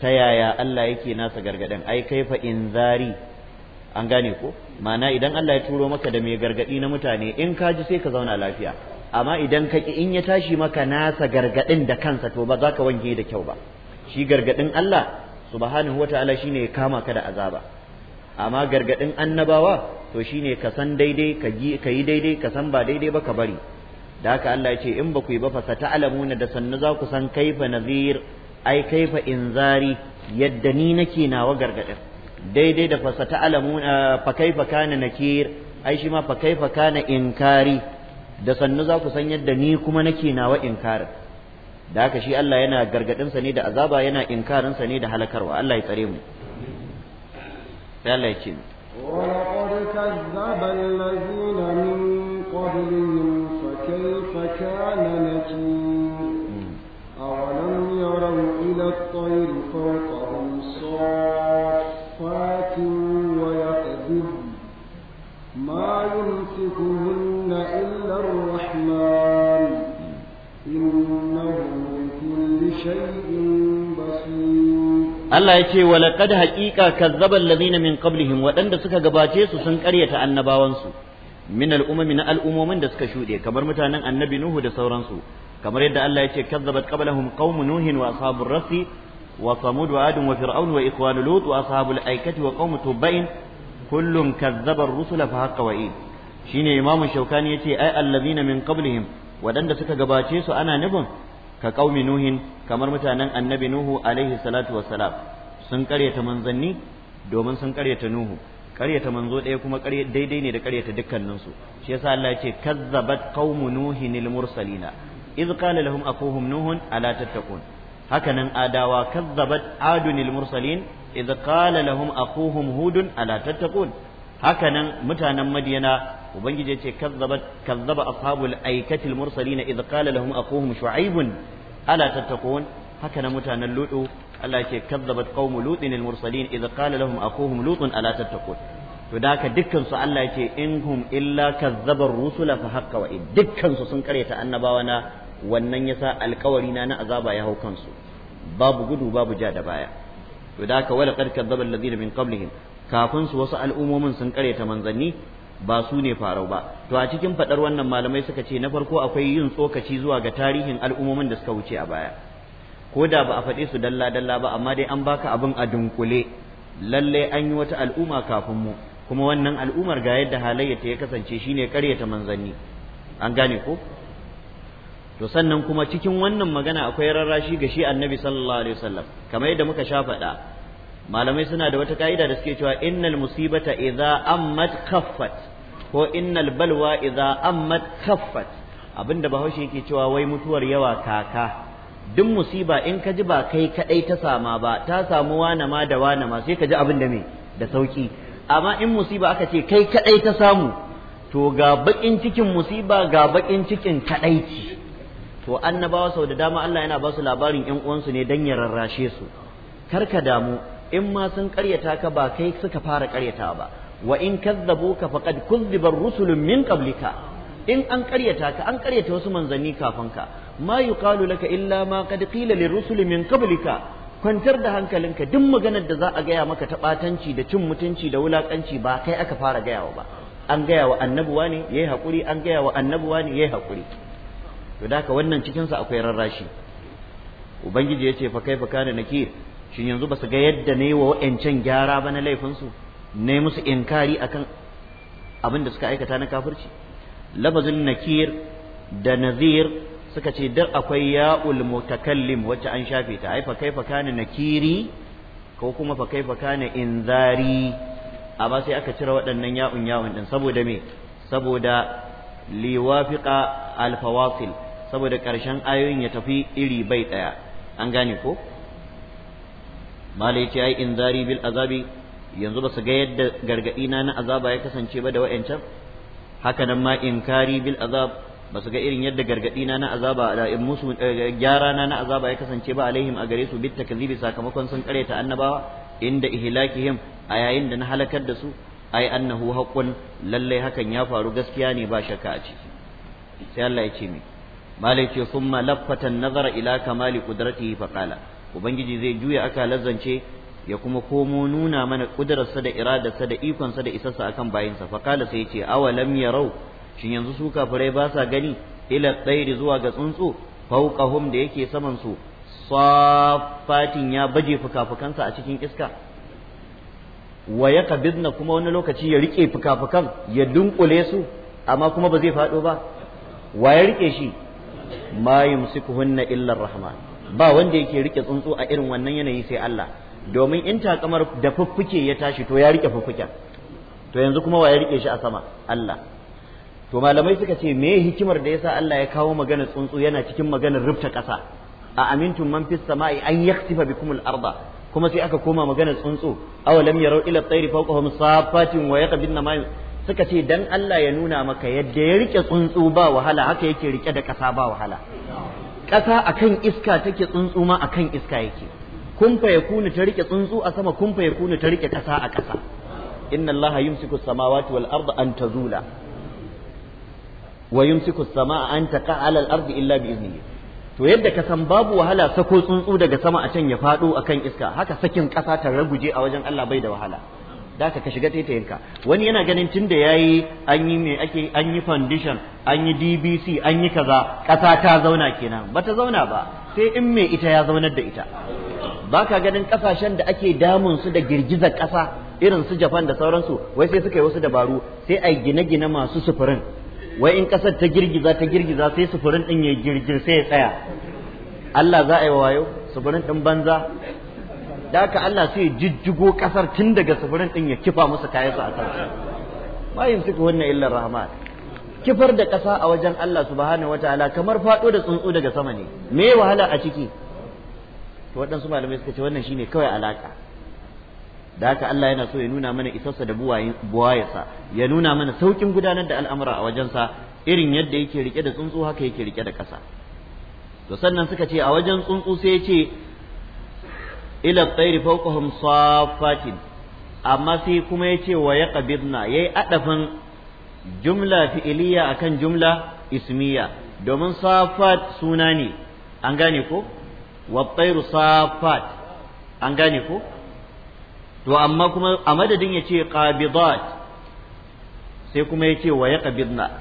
Speaker 1: ta yaya Allah yake nasa gargaɗin ai kaifa inzari an gane ko ma'ana idan Allah ya turo maka da mai gargaɗi na mutane in ka ji sai ka zauna lafiya amma idan ka in ya tashi maka nasa gargadin da kansa to ba za ka wanke da kyau ba shi gargadin Allah subhanahu wataala shine ya kama ka da azaba amma gargadin annabawa to shine ka san daidai ka yi daidai ka san ba daidai ba ka bari da haka Allah ya ce in ba ku yi ba fa sata'lamuna da sannu za ku san kaifa nazir ai kaifa inzari yadda ni nake nawa gargadin daidai da fa sata'lamuna fa kaifa kana nakir ai shi ma fa kaifa kana inkari da sannu za ku san yadda ni kuma nake nawa inkarin da haka shi Allah yana gargadinsa ne da azaba yana inkarinsa ne da halakarwa Allah ya tsare mu sai Allah ya ce Allah ya ce wa laqad haqiqa kazzaba allazina min qablihim waɗanda suka gabace su sun karyata annabawansu min al'ummi na al'umomin da suka shuɗe kamar mutanen annabi nuhu da sauransu kamar yadda Allah ya ce kazzabat qablahum qaumu nuhin wa ashabur rasi wa samud wa adun wa fir'aun wa ikhwanu lut wa ashabul aikati wa qaumu tubain kullum kazzaba ar-rusula fa haqqa wa'id shine imamu shaukani yace ai allazina min qablihim waɗanda suka gabace su ana nufin ka qaumi nuhin kamar mutanen annabi nuhu alaihi salatu wassalam sun karyata manzanni domin sun karyata nuhu karyata manzo ɗaya kuma daidai ne da karyata dukkaninsu shi yasa Allah ya ce kazzabat qaumu nuhin al mursalina iz qala lahum akuhum nuhun ala tattaqun hakanan adawa kazzabat adun al mursalin iz qala lahum akuhum hudun ala tattaqun hakanan mutanen madiyana ubangiji ya ce kazzaba kazzaba ashabul aikatil mursalin idh qala lahum aquhum shu'aibun ala tattaqun haka na mutanen ludu Allah ce kazzabat qaumu lutin al mursalin idh qala lahum aquhum lutun ala tattaqun to da haka dukkan su Allah ya ce in hum illa kazzabar rusula fa haqqa wa dukkan su sun karyata annabawa na wannan yasa alkawari na na azaba ya hau kansu babu gudu babu ja da baya to da haka wala qad kazzaba alladhina min qablihim kafin su wasu al'umomin sun karyata manzanni ba su ne farau ba to a cikin faɗar wannan malamai suka ce na farko akwai yin tsokaci zuwa ga tarihin al'ummomin da suka wuce a baya ko da ba a faɗe su dalla dalla ba amma dai an baka abin a dunkule lalle an yi wata al'umma kafin mu kuma wannan al'ummar ga yadda halayyata ya kasance shine karyata manzanni an gane ko to sannan kuma cikin wannan magana akwai rarrashi ga shi annabi sallallahu alaihi wasallam kamar yadda muka sha faɗa malamai suna da wata ka'ida da suke cewa innal musibata idza ammat kaffat ko innal balwa idza ammat kaffat abinda bahaushe yake cewa wai mutuwar yawa kaka duk musiba in ka ji ba kai kadai ta sama ba ta samu wana ma da wana ma sai ka ji abin da me da sauki amma in musiba aka ce kai kadai ta samu to ga bakin cikin musiba ga bakin cikin ci to annabawa sau da dama Allah yana ba su labarin ƴan uwansu ne dan ya rarrashe su kar ka damu in ma sun karyata ka ba kai suka fara karyata ba wa in kazzabu ka faqad kuzziba rusul min qablika in an karyata ka an karyata wasu manzanni kafin ka ma yuqalu laka illa ma qad qila lirrusuli min qablika kwantar da hankalinka duk maganar da za a gaya maka ta batanci da cin mutunci da wulakanci ba kai aka fara gayawa ba an gaya wa annabuwa ne yayi hakuri an gaya wa annabuwa ne yayi hakuri to da wannan cikin sa akwai rarrashi ubangiji yace fa fa kana nakir shin yanzu ba su ga yadda na yi wa wayancan gyara ba na laifinsu na yi musu inkari akan abin da suka aikata na kafirci lafazin nakir da nazir suka ce duk akwai ya'ul mutakallim wacce an shafe ta ai fakai faka ne nakiri ko kuma fa kaifa inzari amma sai aka cire waɗannan ya'un ya'un din saboda me saboda liwafiqa alfawasil saboda ƙarshen ayoyin ya tafi iri bai ɗaya an gane ko malai ce ai inzari bil azabi yanzu ba su ga yadda gargaɗi na na azaba ya kasance ba da wa'ancan haka nan ma inkari bil azab ba su ga irin yadda gargaɗi na na azaba da in musu eh, gyara na na azaba ya kasance ba alaihim a gare su bit takzibi sakamakon sun kareta annabawa inda ihlakihim a yayin da na halakar da su ai annahu haqqun lallai hakan ya faru gaskiya ne ba shakka a ciki sai Allah ya ce mai malai ce summa laffatan nazara ila kamali qudratihi faqala ubangiji zai juya aka lazzance ya kuma komo nuna mana kudararsa da iradarsa da ikonsa da isarsa akan bayinsa fa kala sai yace awalam yarau shin yanzu su kafirai ba sa gani ila tsairi zuwa ga tsuntsu fauqahum da yake saman su safatin ya baje fukafukansa a cikin iska wa yaqbidna kuma wani lokaci ya rike fukafukan ya dunkule su amma kuma ba zai faɗo ba wa ya rike shi ma yumsikuhunna illa rahman ba wanda yake rike tsuntsu a irin wannan yanayi sai Allah domin in takamar da fuffuke ya tashi to ya rike fuffuken to yanzu kuma wa ya rike shi a sama Allah to malamai suka ce me hikimar da yasa Allah ya kawo magana tsuntsu yana cikin maganar rubta ƙasa a amintum man fis sama'i an yaktifa bikumul arda kuma sai aka koma maganar tsuntsu awalam yarau ila tsairi fawqahum safatin wa yaqbidna ma suka ce dan Allah ya nuna maka yadda ya rike tsuntsu ba wahala haka yake rike da ƙasa ba wahala
Speaker 3: ƙasa akan
Speaker 1: iska take tsuntsu ma akan iska yake kumfa ya kunu ta rike tsuntsu a sama kumfa ya kunu ta rike ƙasa a ƙasa inna allaha yumsiku samawati wal arda an tazula wa yumsiku samaa an taqa ala al ardi illa bi iznihi to yadda ka san babu wahala sako tsuntsu daga sama a can ya faɗo akan iska haka sakin ƙasa ta raguje a wajen Allah bai da wahala da ka shiga taitayinka wani yana ganin tun da yayi an yi me ake an yi foundation an yi DBC an yi kaza ƙasa ta zauna kenan ba ta zauna ba sai in mai ita ya zaunar da ita Ba ka ganin kasashen da ake damun su da girgizar ƙasa irin su Japan da sauransu wai sai suka yi wasu dabaru sai ai gine-gine masu sufurin wai in ƙasar ta girgiza ta girgiza sai sufurin din ya girgir sai ya tsaya Allah za a yi wayo sufurin din banza da haka Allah sai jijjigo kasar tun daga tsibirin din ya kifa musu kayan su a
Speaker 3: kan su.
Speaker 1: yin suka illar rahman kifar da kasa a wajen Allah subhanahu wataala kamar fado da tsuntsu daga sama ne me wahala a ciki to waɗansu malamai suka ce wannan shine kawai alaka da haka Allah yana so ya nuna mana isarsa da buwayarsa ya nuna mana sauƙin gudanar da al'amura a wajensa irin yadda yake rike da tsuntsu haka yake rike da ƙasa to sannan suka ce a wajen tsuntsu sai ya ce ila tsairi fawqahum amma sai kuma yace wa yaqbidna yayi adafin jumla fi'iliya akan jumla ismiya domin safat suna ne an gane ko wa tsairu an gane ko to amma kuma a madadin ya ce qabidat sai kuma ya wa ya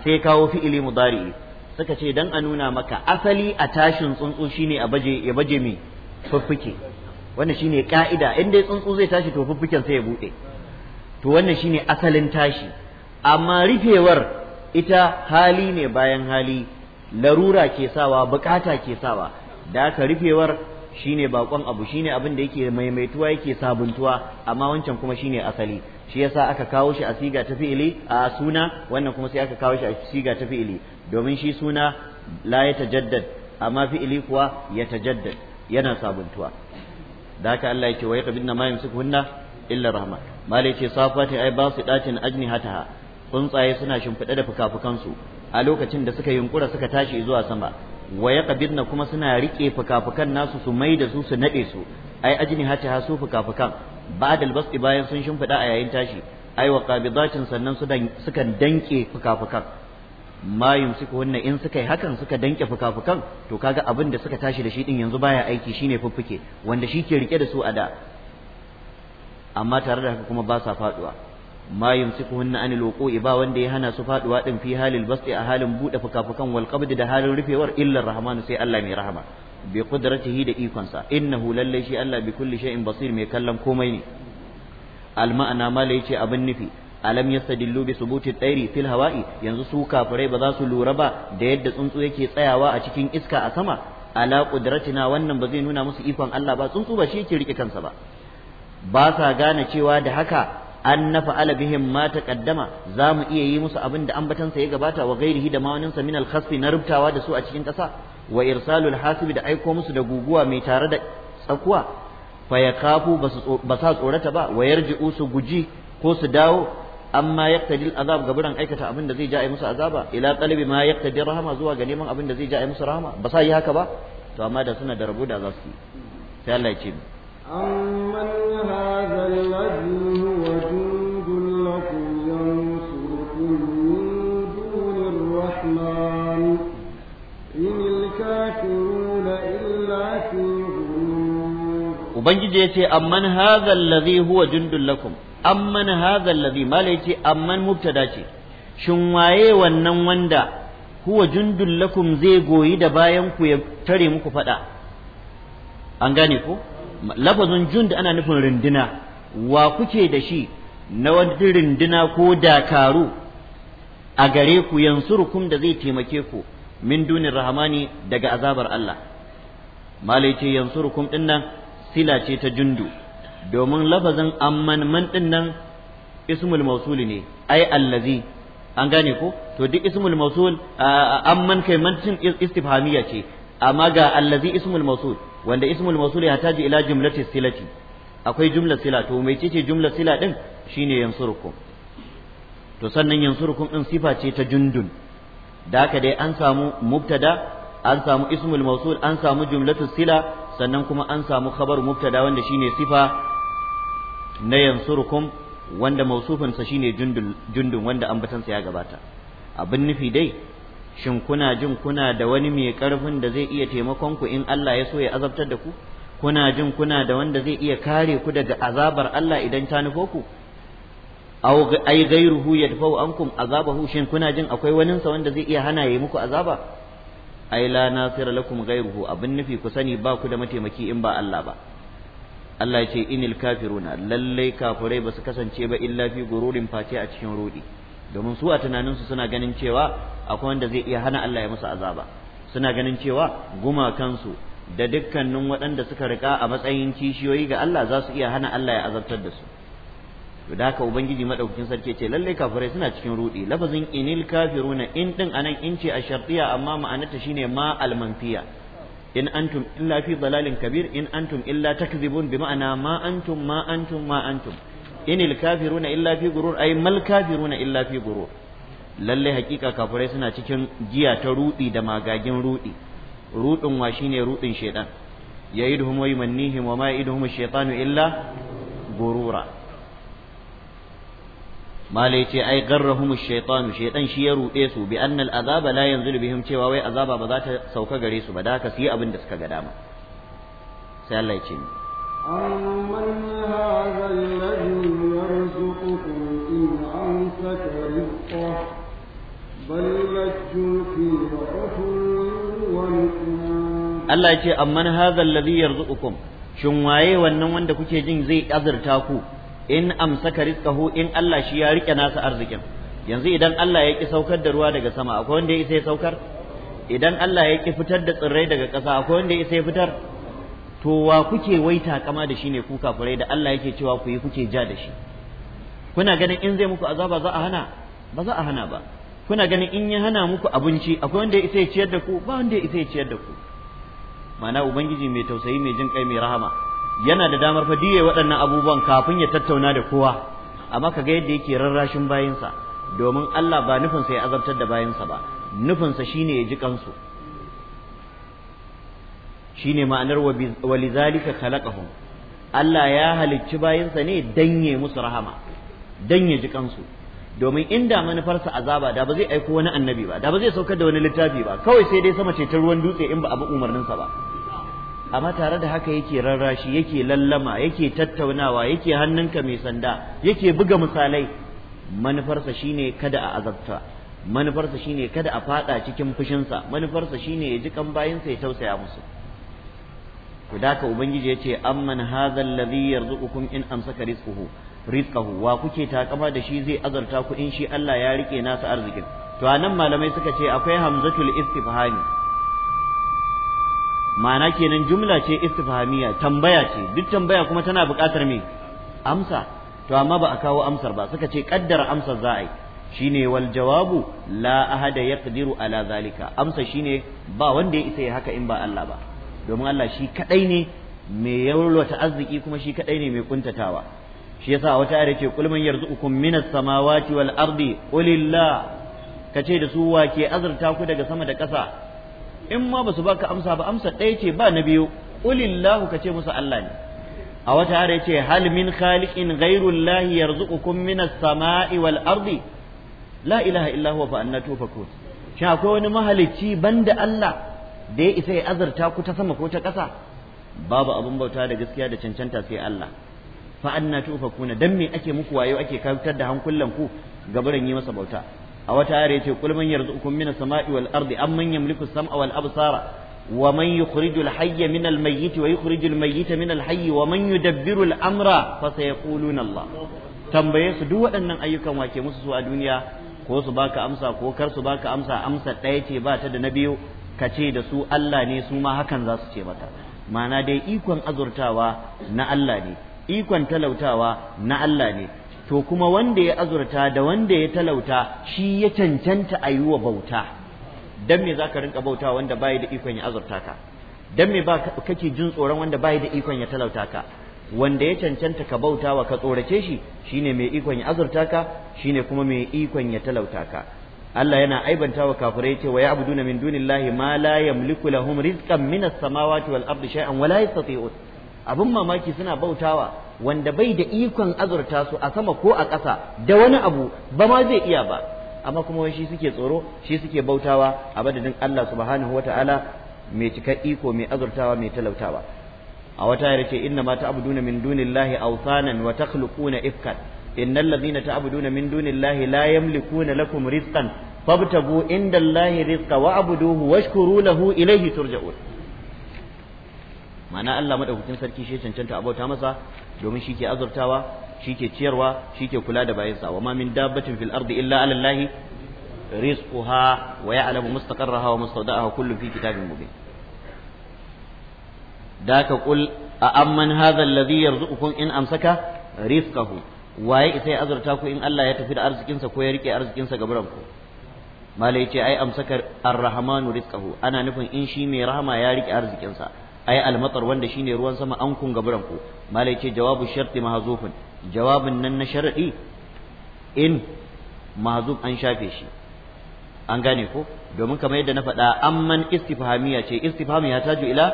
Speaker 1: sai kawo fi'ili mudari suka ce dan a nuna maka asali a tashin tsuntsu shine a baje ya baje mi fuffuke wannan shine ka'ida in dai tsuntsu zai tashi to fuffuken sai ya buɗe. to wannan shine asalin tashi amma rufewar ita hali ne bayan hali larura ke sawa bukata ke sawa da aka rufewar shine bakon abu shine abin da yake maimaituwa yake sabuntuwa amma wancan kuma shine asali shi yasa aka kawo shi a siga ta fi'ili a suna wannan kuma sai aka kawo shi a siga ta fi'ili domin shi suna la ya tajaddad amma fi'ili kuwa ya tajaddad yana sabuntuwa da haka Allah yake wa yaqbidna ma yumsikuhunna illa rahma mali yake safati ai basu datin hataha. tsuntsaye suna shimfida da fukafukan su a lokacin da suka yunkura suka tashi zuwa sama wa yaqbidna kuma suna rike fukafukan nasu su mai da su su nade su ai hataha su fukafukan ba'dal basti bayan sun shimfida a yayin tashi ai wa qabidatin sannan su sukan danke fukafukan ma yumsikuhunna in suka yi hakan suka danke fukafukan to kaga abin da suka tashi da shi din yanzu baya aiki shine fuffuke wanda shi ke rike da su a da amma tare da haka kuma ba sa faduwa ma yumsikuhunna anil wuqu'i ba wanda ya hana su faduwa din fi halil basti a halin bude fukafukan wal qabd da halin rufewar illa rahmanu sai Allah mai rahama bi qudratihi da ikonsa innahu lallai shi Allah bi kulli shay'in basir mai kallon komai ne al ma'ana ma yace abin nufi alam yastadillu bi subuti tsairi fil hawa'i yanzu su kafirai ba za su lura ba da yadda tsuntsu yake tsayawa a cikin iska a sama ala qudratina wannan ba zai nuna musu ikon Allah ba tsuntsu ba shi yake rike kansa ba ba sa gane cewa da haka an nafa ala bihim ma taqaddama za mu iya yi musu abin da ambatansa ya gabata wa ghairihi da mawaninsa min al na rubtawa da su a cikin ƙasa wa irsalul hasibi da aiko musu da guguwa mai tare da tsakuwa fa ya ba sa tsorata ba wa yarji'u su guji ko su dawo amma yaqtadi azab gaburan aikata abin da zai ja ai musu azaba ila qalbi ma yaqtadi rahama zuwa ga neman abin da zai ja ai musu rahama ba sai haka ba to amma da suna da rabu da za su yi sai Allah ya ce
Speaker 2: amman hadha alladhi
Speaker 1: ubangiji ce amman haza allazi huwa jundul lakum amman hadha allazi mala yace amman mubtada ce shin waye wannan wanda huwa jundul lakum zai goyi da bayan ku ya tare muku fada an gane ko lafazin jund ana nufin rinduna wa kuke da shi na wani rinduna ko dakaru a gare ku yansurukum da zai taimake ku min dunin rahamani daga azabar Allah malai ce yansurukum dinnan sila ce ta jundu domin lafazin amman man din nan ismul mausul ne ai allazi an gane ko to duk ismul mausul amman kai man din istifhamiya ce amma ga allazi ismul mausul wanda ismul mausul ya taji ila jumlati silati akwai jumla sila to mai ce jumla sila din shine yansurukum to sannan yansurukum din sifa ce ta jundun da haka dai an samu mubtada an samu ismul mausul an samu jumlatus sila sannan kuma an samu khabar mubtada wanda shine sifa na yansurukum wanda mausufin sa shine jundun jundun wanda ambatan sa ya gabata abin nufi dai shin kuna jin kuna da wani mai karfin da zai iya taimakon ku in Allah ya so ya azabtar da ku kuna jin kuna da wanda zai iya kare ku daga azabar Allah idan ta nufo ku
Speaker 3: aw ay
Speaker 1: ghayruhu yadfa'u ankum azabahu shin kuna jin akwai waninsa wanda zai iya hana yi muku azaba ai la nasira lakum ghayruhu abin nufi ku sani ba ku da mataimaki in ba Allah ba Allah ya ce inil kafiruna lallai kafirai ba su kasance ba illa fi gururin face a cikin rudi domin su a tunaninsu suna ganin cewa akwai wanda zai iya hana Allah ya musu azaba suna ganin cewa gumakansu da dukkanin waɗanda suka rika a matsayin kishiyoyi ga Allah za su iya hana Allah ya azabtar da su to da haka ubangiji madaukakin sarki ce lalle kafirai suna cikin rudi lafazin inil kafiruna in din anan in ce a shartiya amma ma'anarta shine ma al in antum illa fi dalalin kabir in antum illa takzibun bi ma'ana ma antum ma antum ma antum inil kafiruna illa fi gurur ay mal kafiruna illa fi gurur lalle hakika kafirai suna cikin jiya ta rudi da magagin rudi rudin wa shine rudin shedan yaidhum wa yumannihim wa ma yaidhum ash-shaytanu illa gurura malai ce ai garrahum ash-shaytan shaytan shi ya ruɗe su bi anna al-azaba la yanzilu bihim cewa wai azaba ba za ta sauka gare su ba da haka su yi abin da suka ga dama sai Allah ya ce ni
Speaker 2: أَمَّنْ هَذَا الَّذِي يَرْزُقُكُمْ إِنْ أَمْسَكَ رِزْقَهُ بَلْ لَجُّوا فِي
Speaker 1: Allah ya ce amman hadha alladhi yarzuqukum shin waye wannan wanda kuke jin zai azurta ku in amsaka rizqahu in Allah shi ya rike nasa arzikin yanzu idan Allah ya ki saukar da ruwa daga sama akwai wanda ya ya saukar idan Allah ya ki fitar da tsirrai daga ƙasa akwai wanda ya ya fitar to wa kuke wai takama da shi ne ku kafirai da Allah yake cewa ku yi kuke ja da shi kuna ganin in zai muku azaba za a hana ba za a hana ba kuna ganin in ya hana muku abinci akwai wanda ya ya ciyar da ku ba wanda ya ya ciyar da ku ma'ana ubangiji mai tausayi mai jin kai mai rahama yana da damar fa diye waɗannan abubuwan kafin ya tattauna da kowa amma kaga yadda yake rarrashin bayinsa domin Allah ba sa ya azabtar da bayinsa ba sa shine ya ji kansu shine ma'anar walizalika khalaqahum Allah ya halicci bayinsa ne dan ya musu rahama dan ya ji kansu domin inda manufarsa azaba da ba zai aiko wani annabi ba da ba zai saukar da wani littafi ba kawai sai dai sama ce ta ruwan dutse in ba abu bi umarninsa ba amma tare da haka yake rarrashi yake lallama yake tattaunawa yake hannunka mai sanda yake buga misalai manufarsa shine kada a azabta manufarsa shine kada a fada cikin fushinsa manufarsa shine ya ji kan bayinsa ya tausaya musu ku daka ubangiji ya ce amman hadha alladhi yarzuqukum in amsaka rizquhu rizqahu wa kuke takama da shi zai azarta ku in shi Allah ya rike nasa arzikin to anan malamai suka ce akwai hamzatul istifhami ma'ana kenan jumla ce istifhamiya tambaya ce duk tambaya kuma tana buƙatar me amsa to amma ba a kawo amsar ba suka ce kaddara amsar za a yi shine wal jawabu la ahada yaqdiru ala zalika amsa shine ba wanda ya isa ya haka in ba Allah ba domin Allah shi kadai ne mai yawlata arziki kuma shi kadai ne mai kuntatawa shi yasa a wata ayar ce kul man yarzuqukum minas samawati wal ardi qulillah kace da su wa ke azurta ku daga sama da ƙasa in ma basu ka amsa ba amsa ɗaya ce ba na biyu ulillahu ka ce musu Allah ne a wata hare ce hal min khaliqin ghairullahi yarzuqukum minas sama'i wal ardi la ilaha illa huwa fa anna tufakun shin akwai wani mahalicci banda Allah da ya isa ya azarta ku ta sama ko ta ƙasa babu abin bauta da gaskiya da cancanta sai Allah fa anna tufakuna dan me ake muku wayo ake kautar da hankulan ku gaburan yi masa bauta a wata ayar yace qul man yarzuqukum minas sama'i wal ardi amman yamliku sam'a wal absara wa man yukhrijul hayya minal mayyiti wa yukhrijul mayyita minal hayyi wa man yudabbiru al amra fa sayaquluna Allah tambaye su duk waɗannan ayyukan wake musu su a duniya ko su baka amsa ko kar su baka amsa amsa ɗaya ce ba ta da na biyu ka ce da su Allah ne su ma hakan za su ce maka ma'ana dai ikon azurtawa na Allah ne ikon talautawa na Allah ne to kuma wanda ya azurta da wanda ya talauta shi ya cancanta a yi wa bauta Don me za ka rinka bauta wanda bayi da ikon ya azurta ka Don me ba kake jin tsoron wanda bayi da ikon ya talauta ka wanda ya cancanta ka bauta wa ka tsorace shi shine mai ikon ya azurta ka shine kuma mai ikon ya talauta ka Allah yana aibanta wa kafirai ce wa ya'buduna min dunillahi ma la yamliku lahum rizqan minas samawati wal ardi shay'an wa la yastati'un abun mamaki suna bautawa wanda bai da ikon azurta su a sama ko a ƙasa da wani abu ba ma zai iya ba amma kuma shi suke tsoro shi suke bautawa a madadin Allah subhanahu wataala mai cikar iko mai azurtawa mai talautawa a wata yare ce inna ma ta'buduna min dunillahi awsanan wa takhluquna ifkan innal ladhina ta'buduna min dunillahi la yamlikuna lakum rizqan fabtagu indallahi rizqa wa'buduhu washkuru lahu ilayhi turja'un ma'ana Allah madaukakin sarki shi cancanta abauta masa domin shi ke azurtawa shi ke ciyarwa shi ke kula da bayansa wa ma min dabbatin fil ardi illa ala Allah rizquha wa ya'lamu mustaqarraha wa mustawda'aha kullu fi kitabin mubin daka qul a amman hadha alladhi yarzuqukum in amsaka rizqahu waye isa ya azurta ku in Allah ya tafi da arzikinsa ko ya rike arzikinsa gaburan ku malai ce ai amsakar arrahmanu rizqahu ana nufin in shi mai rahama ya rike arzikinsa ai almatar wanda shine ruwan sama an kun gaburan ku malai ce jawabu sharti mahzufun jawabin nan na sharadi in mahzuf an shafe shi an gane ko domin kamar yadda na faɗa amman istifhamiya ce istifhami ya taju ila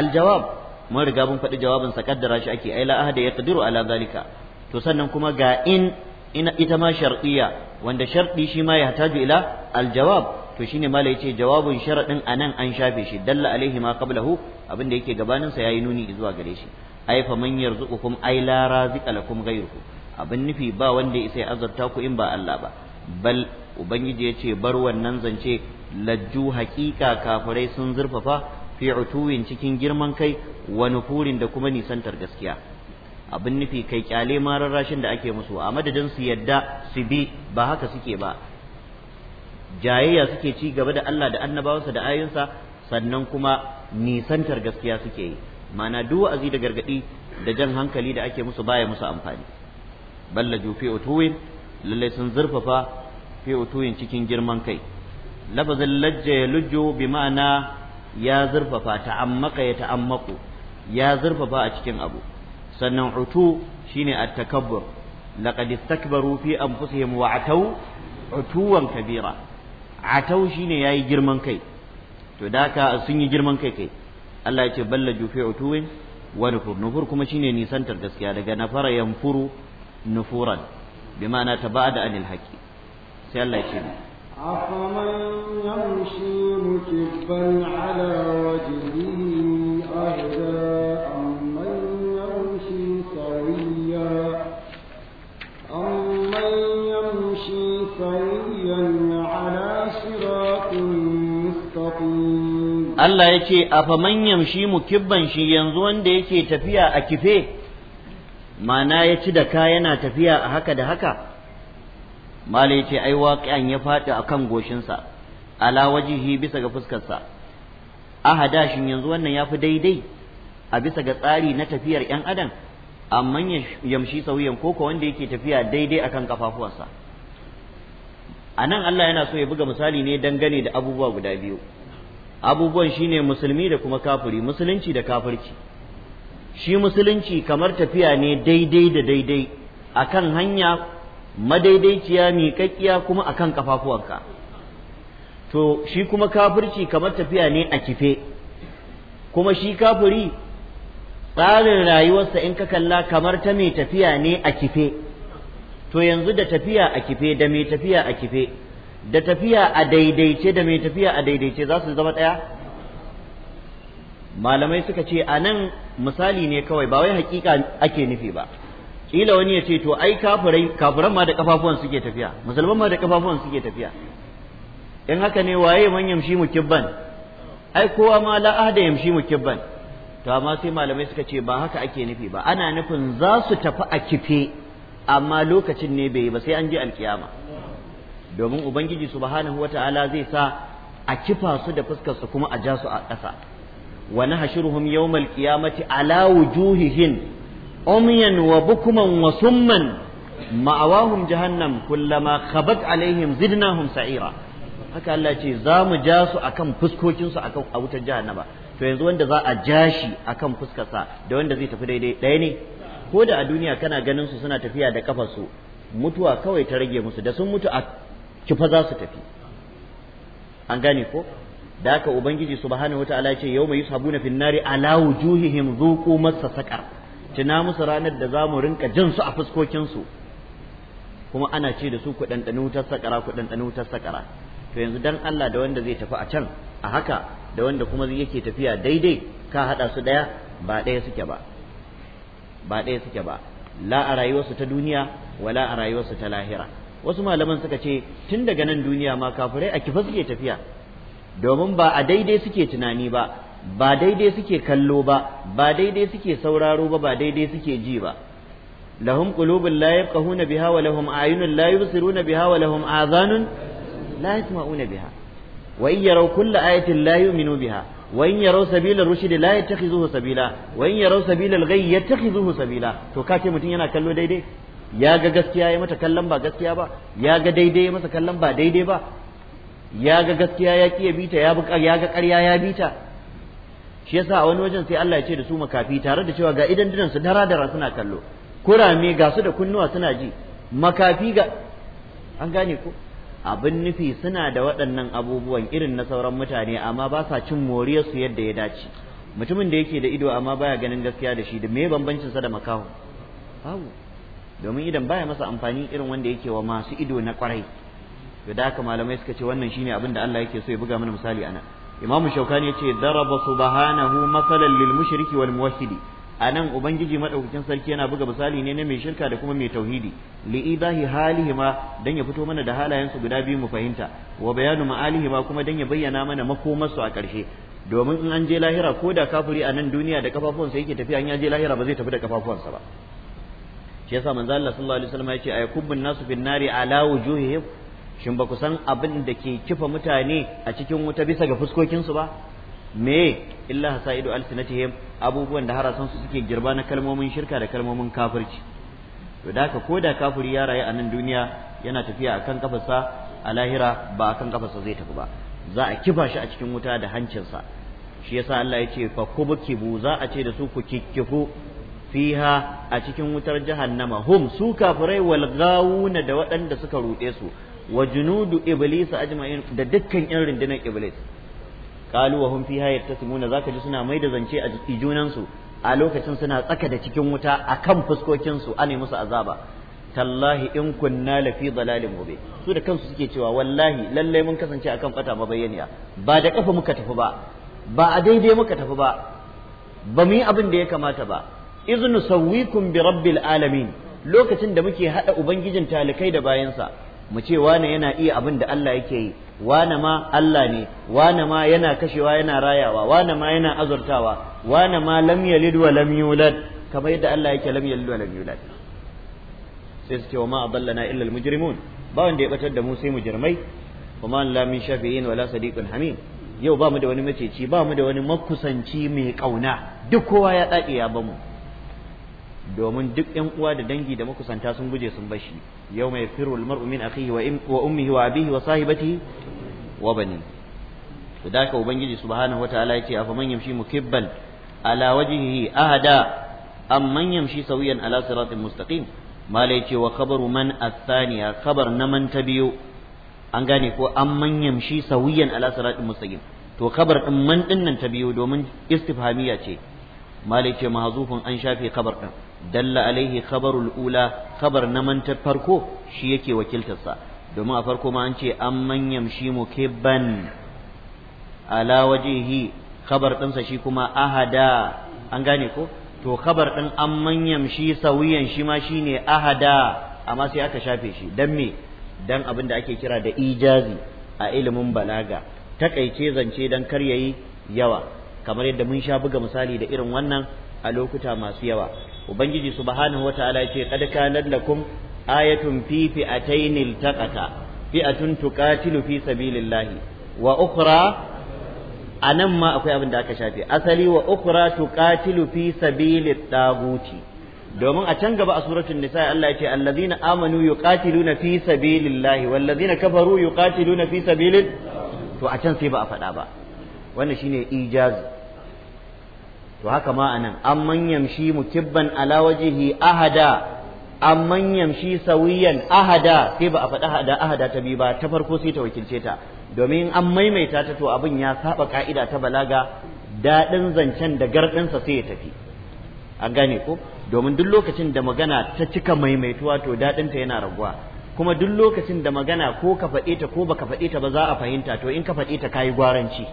Speaker 1: aljawab mun riga mun faɗi jawabin sa kaddara shi ake ai la ahada yaqdiru ala zalika to sannan kuma ga in ina ita ma shar'iyya wanda sharɗi shi ma ya taju ila aljawab to shine malai yace jawabun sharadin anan an shafe shi dalla alaihi ma qablahu abin da yake gabanin sa yayi nuni zuwa gare shi ay fa man yarzuqukum ay la raziqa lakum ghayruhu abin nufi ba wanda ya azarta ku in ba Allah ba bal ubangiji yace bar wannan zance lajju haqiqa kafirai sun zurfafa fi utuwin cikin girman kai wa nufurin da kuma nisantar gaskiya abin nufi kai kyale ma rarrashin da ake musu a madadin su yadda su bi ba haka suke ba jayayya suke ci gaba da Allah da annabawansa da ayoyinsa sannan kuma nisantar gaskiya suke yi ma'ana duk azi da gargadi da jan hankali da ake musu baya musu amfani balla fi utuwin lalle sun zurfafa fi utuwin cikin girman kai lafazin lajja ya lujjo bi ma'ana ya zurfafa ta'ammaka ya ta'ammaku ya zurfafa a cikin abu sannan utu shine at-takabbur laqad istakbaru fi anfusihim wa atau utuwan kabira atau shine yayi girman kai to da haka sun yi girman kai kai Allah ya ce balla jufi utuwin wa nufur nufur kuma shine nisantar gaskiya daga nafara yanfuru nufuran bima'ana tabada anil haqi sai Allah ya ce
Speaker 2: afaman yamshi mukibban ala wajhi Allah
Speaker 1: ya ce a faman mu kibban shi yanzu wanda yake tafiya a kife mana ya ci da ka yana tafiya a haka da haka mala ya ce ai waƙiyan ya faɗi a kan goshinsa ala wajihi bisa ga fuskarsa ahada shin yanzu wannan ya fi daidai a bisa ga tsari na tafiyar ‘yan adam amma yamshi sauyin koko wanda yake tafiya daidai akan kafafuwarsa a nan Allah yana so ya buga misali ne dangane da abubuwa guda biyu abubuwan shine musulmi da kuma kafiri musulunci da kafirci shi musulunci kamar tafiya ne daidai da daidai a kan hanya madaidaiciya miƙaƙƙiya kuma a kan kafafuwanka to shi kuma kafirci kamar tafiya ne a kife kuma shi kafiri tsarin rayuwarsa in ka kalla kamar ta mai tafiya ne a kife to yanzu da tafiya a kife da mai tafiya a kife da tafiya a daidaice da mai tafiya a daidaice za su zama ɗaya malamai suka ce a nan misali ne kawai ba wai hakika ake nufi ba kila wani ya ce to ai kafirai kafiran ma da kafafuwan suke tafiya musulman ma da kafafuwan suke tafiya in haka ne waye man yamshi mu kibban ai kowa ma la ahda yamshi mu kibban to amma sai malamai suka ce ba haka ake nufi ba ana nufin za su tafi a kife amma lokacin ne bai yi ba sai an je alkiyama domin ubangiji subhanahu wataala zai sa a kifa su da fuskar su kuma a ja su a ƙasa wa nahshuruhum yawmal qiyamati ala wujuhihim umyan wa bukman wa summan ma'awahum jahannam kullama khabat alaihim zidnahum sa'ira haka Allah ce za mu ja su akan fuskokin su akan a wutar jahannama to yanzu wanda za a ja shi akan fuskarsa da wanda zai tafi daidai ɗaya ne ko da a duniya kana ganin su suna tafiya da kafarsu mutuwa kawai ta rage musu da sun mutu a fa za su tafi an gane ko da haka ubangiji subhanahu wataala yace yawma yusabuna fin nari ala wujuhihim dhuqu massa saqar tuna musu ranar da za mu rinka jin su a fuskokin su kuma ana ce da su ku dan wutar sakara ku dan wutar sakara to yanzu dan Allah da wanda zai tafi a can a haka da wanda kuma yake tafiya daidai ka hada su daya ba daya suke ba ba daya suke ba la a rayuwarsu ta duniya wala a rayuwarsu ta lahira wasu malaman suka ce tun daga nan duniya ma kafirai a kifa suke tafiya domin ba a daidai suke tunani ba ba daidai suke kallo ba ba daidai suke sauraro ba ba daidai suke ji ba lahum qulubun la yafqahuna biha wa lahum a'yunun la yubsiruna biha wa lahum azanun la yasma'una biha wa in yaraw ayatin la yu'minu biha yana kallo daidai. ya ga gaskiya ya mata kallon ba gaskiya ba ya ga daidai ya masa kallon ba daidai ba ya ga gaskiya ya ki ya bita ya ya ga ƙarya ya bita shi yasa a wani wajen sai Allah ya ce da su makafi tare da cewa ga idan dinan su dara dara suna kallo kurame ga su da kunnuwa suna ji makafi ga an gane ko abin nufi suna da waɗannan abubuwan irin na sauran mutane amma ba sa cin moriyarsu yadda ya dace mutumin da yake da ido amma baya ganin gaskiya da shi da me sa da makaho domin idan baya masa amfani irin wanda yake wa masu ido na kwarai to da haka malamai suka ce wannan shine abin da Allah yake so ya buga mana misali ana imamu shaukani yace daraba subhanahu masalan lil mushriki wal muwahhidi anan ubangiji madaukakin sarki yana buga misali ne na mai shirka da kuma mai tauhidi li idahi halihima dan ya fito mana da halayensu guda biyu mu fahimta wa bayanu ma'alihima kuma dan ya bayyana mana makomarsu a karshe domin in an je lahira ko da kafiri a nan duniya da kafafuwansa yake tafiya in ya je lahira ba zai tafi da kafafuwansa ba shi yasa manzo Allah sallallahu alaihi wasallam yace ayakubun nasu bin nari ala wujuhihim shin ba ku san abin da ke kifa mutane a cikin wuta bisa ga fuskokin su ba me illa hasaidu alsinatihim abubuwan da harasan su suke girba na kalmomin shirka da kalmomin kafirci to da ka ko da kafiri ya rayu a nan duniya yana tafiya akan kafarsa a lahira ba akan kafarsa zai tafi ba za a kifa shi a cikin wuta da hancinsa shi yasa Allah ya ce fa bu za a ce da su ku kikkifu fiha a cikin wutar jahannama hum su kafirai wal gawuna da waɗanda suka ruɗe su wa junudu iblis ajma'in da dukkan yan rundunar iblis qalu wa hum fiha yattasimuna zaka ji suna mai da zance a junan su a lokacin suna tsaka da cikin wuta akan fuskokin su ane musu azaba tallahi in kunna fi dalalin mubin su da kansu suke cewa wallahi lallai mun kasance akan fata mabayyaniya ba da kafa muka tafi ba ba a daidai muka tafi ba ba mu yi abin da ya kamata ba iznu sawwikum bi rabbil alamin lokacin da muke hada ubangijin talikai da bayansa mu ce wane yana iya abin da Allah yake yi wane ma Allah ne wane ma yana kashewa yana rayawa wane ma yana azurtawa wane ma lam yalid wa lam yulad kamar yadda Allah yake lam yalid wa lam yulad sai su ce wa ma adallana illa al mujrimun ba wanda ya batar da mu sai mujrimai kuma la min shafi'in wala sadiqun hamim yau ba mu da wani maceci ba mu da wani makusanci mai kauna duk kowa ya tsaki ya bamu domin duk ƴan uwa da dangi da makusanta sun guje sun bashi yau mai firu almar'u min akhihi wa ummihi wa abihi wa sahibatihi wa bani to ka ubangiji subhanahu wataala yace afa man yamshi mukibban ala wajhihi ahada am man yamshi sawiyan ala siratin mustaqim mala yace wa khabaru man athaniya khabar na man ta biyu an gane ko am man yamshi sawiyan ala siratin mustaqim to khabar din man din nan ta biyu domin istifhamiya ce mala yace mahzufun an shafe kabar din dalla alaihi khabarul ula khabar na manta farko shi yake wakiltarsa domin a farko ma an ce amman yamshi mukibban ala wajihi khabar ɗinsa shi kuma ahada an gane ko to khabar ɗin amman yamshi sawiyan shi ma shine ahada amma sai aka shafe shi dan me dan abin da ake kira da ijazi a ilimin balaga takaice zance dan kar yayi yawa kamar yadda mun sha buga misali da irin wannan a lokuta masu yawa ubangiji subhanahu wataala yace qad kana lakum ayatun fi fi'atayn iltaqata fi'atun tuqatilu fi sabilillahi wa ukhra anan ma akwai abin da aka shafe asali wa ukhra tuqatilu fi sabilit taguti domin a can gaba a suratul nisa Allah yace allazina amanu yuqatiluna fi sabilillahi wallazina kafaru yuqatiluna fi sabilit to a can sai ba a faɗa ba wannan shine ijazi to haka ma anan amman yamshi mukibban ala wajhihi ahada amman yamshi sawiyan ahada sai ba a faɗi ahada ahada ta bi ba ta farko sai ta wakilce ta domin an maimaita ta to abin ya saba ka'ida ta balaga daɗin zancen da garɗinsa sai ya tafi a gane ko domin duk lokacin da magana ta cika maimaituwa to daɗinta yana raguwa kuma duk lokacin da magana ko ka faɗe ta ko baka faɗe ta ba za a fahimta to in ka faɗe ta kayi gwaranci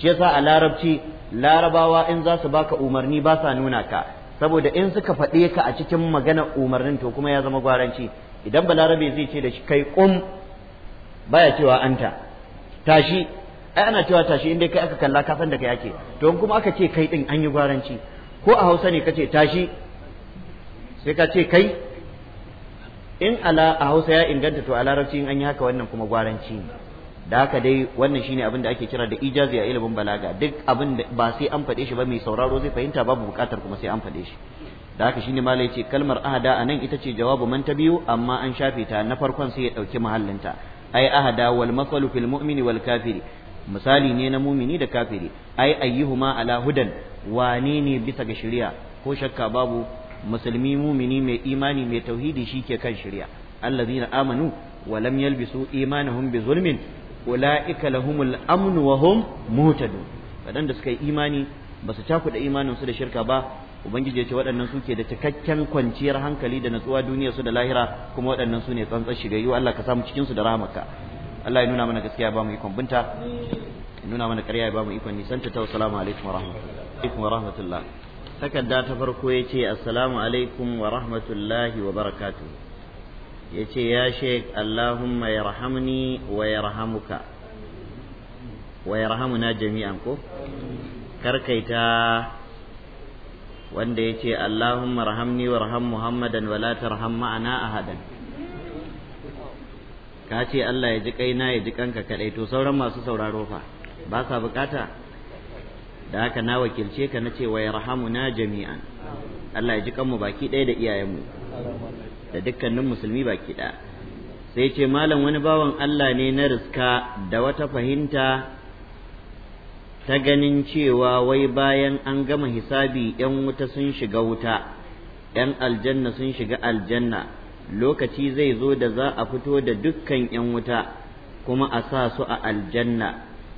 Speaker 1: shi yasa a larabci larabawa in za su baka umarni ba sa nuna ka saboda in suka faɗe ka a cikin magana umarnin to kuma ya zama gwaranci idan ba larabe zai ce da shi kai kum baya cewa anta tashi ai ana cewa tashi indai kai aka kalla ka san da kai ake to kuma aka ce kai din an yi gwaranci ko a Hausa ne kace tashi sai ka ce kai in ala a Hausa ya inganta to a larabci in an yi haka wannan kuma gwaranci ne da haka dai wannan shine abin da ake kira da ijazi a ilimin balaga duk abin da ba sai an faɗe shi ba mai sauraro zai fahimta babu buƙatar kuma sai an faɗe shi da haka shine malai ce kalmar ahada a nan ita ce jawabu man ta biyu amma an shafe ta na farkon sai ya ɗauki mahallinta ai ahada wal masalu fil mu'mini wal kafiri misali ne na mumini da kafiri ai ayyuhuma ala hudan wane ne bisa ga shari'a ko shakka babu musulmi mumini mai imani mai tauhidi shi ke kan shari'a allazina amanu wa lam yalbisu imanahum bi zulmin ula'ika lahumul amnu wa hum muhtadun waɗanda suka yi imani ba su cakuɗa imaninsu da shirka ba ubangiji ya ce waɗannan suke da cikakken kwanciyar hankali da natsuwa duniya su da lahira kuma waɗannan su ne tsantsar shigayyu Allah ka samu cikin su da rahmaka Allah ya nuna mana gaskiya ba mu ikon binta ya nuna mana ƙarya ba mu ikon nisan ta assalamu alaikum wa rahmatullahi wa rahmatullah takarda ta farko ya ce assalamu alaikum wa rahmatullahi wa barakatuh ya ce ya sheik Allahumma ya rahamni wa ya rahamuka wa ya rahamuna jami'an ko karkaita wanda ya ce Allahumma rahamni wa raham Muhammadan wa la tarham ma'ana ahadan ka ce Allah ya ji kaina ya ji kanka kadai to sauran masu sauraro fa ba sa bukata da haka na wakilce ka na ce wa na jami'an Allah ya ji kanmu baki ɗaya da iyayenmu da dukkanin musulmi baki ɗaya sai ce malam wani bawan Allah ne na riska da wata fahimta ta ganin cewa wai bayan an gama hisabi ‘yan wuta sun shiga wuta ‘yan aljanna sun shiga aljanna lokaci zai zo da za a fito da dukkan ‘yan wuta kuma a sa su a aljanna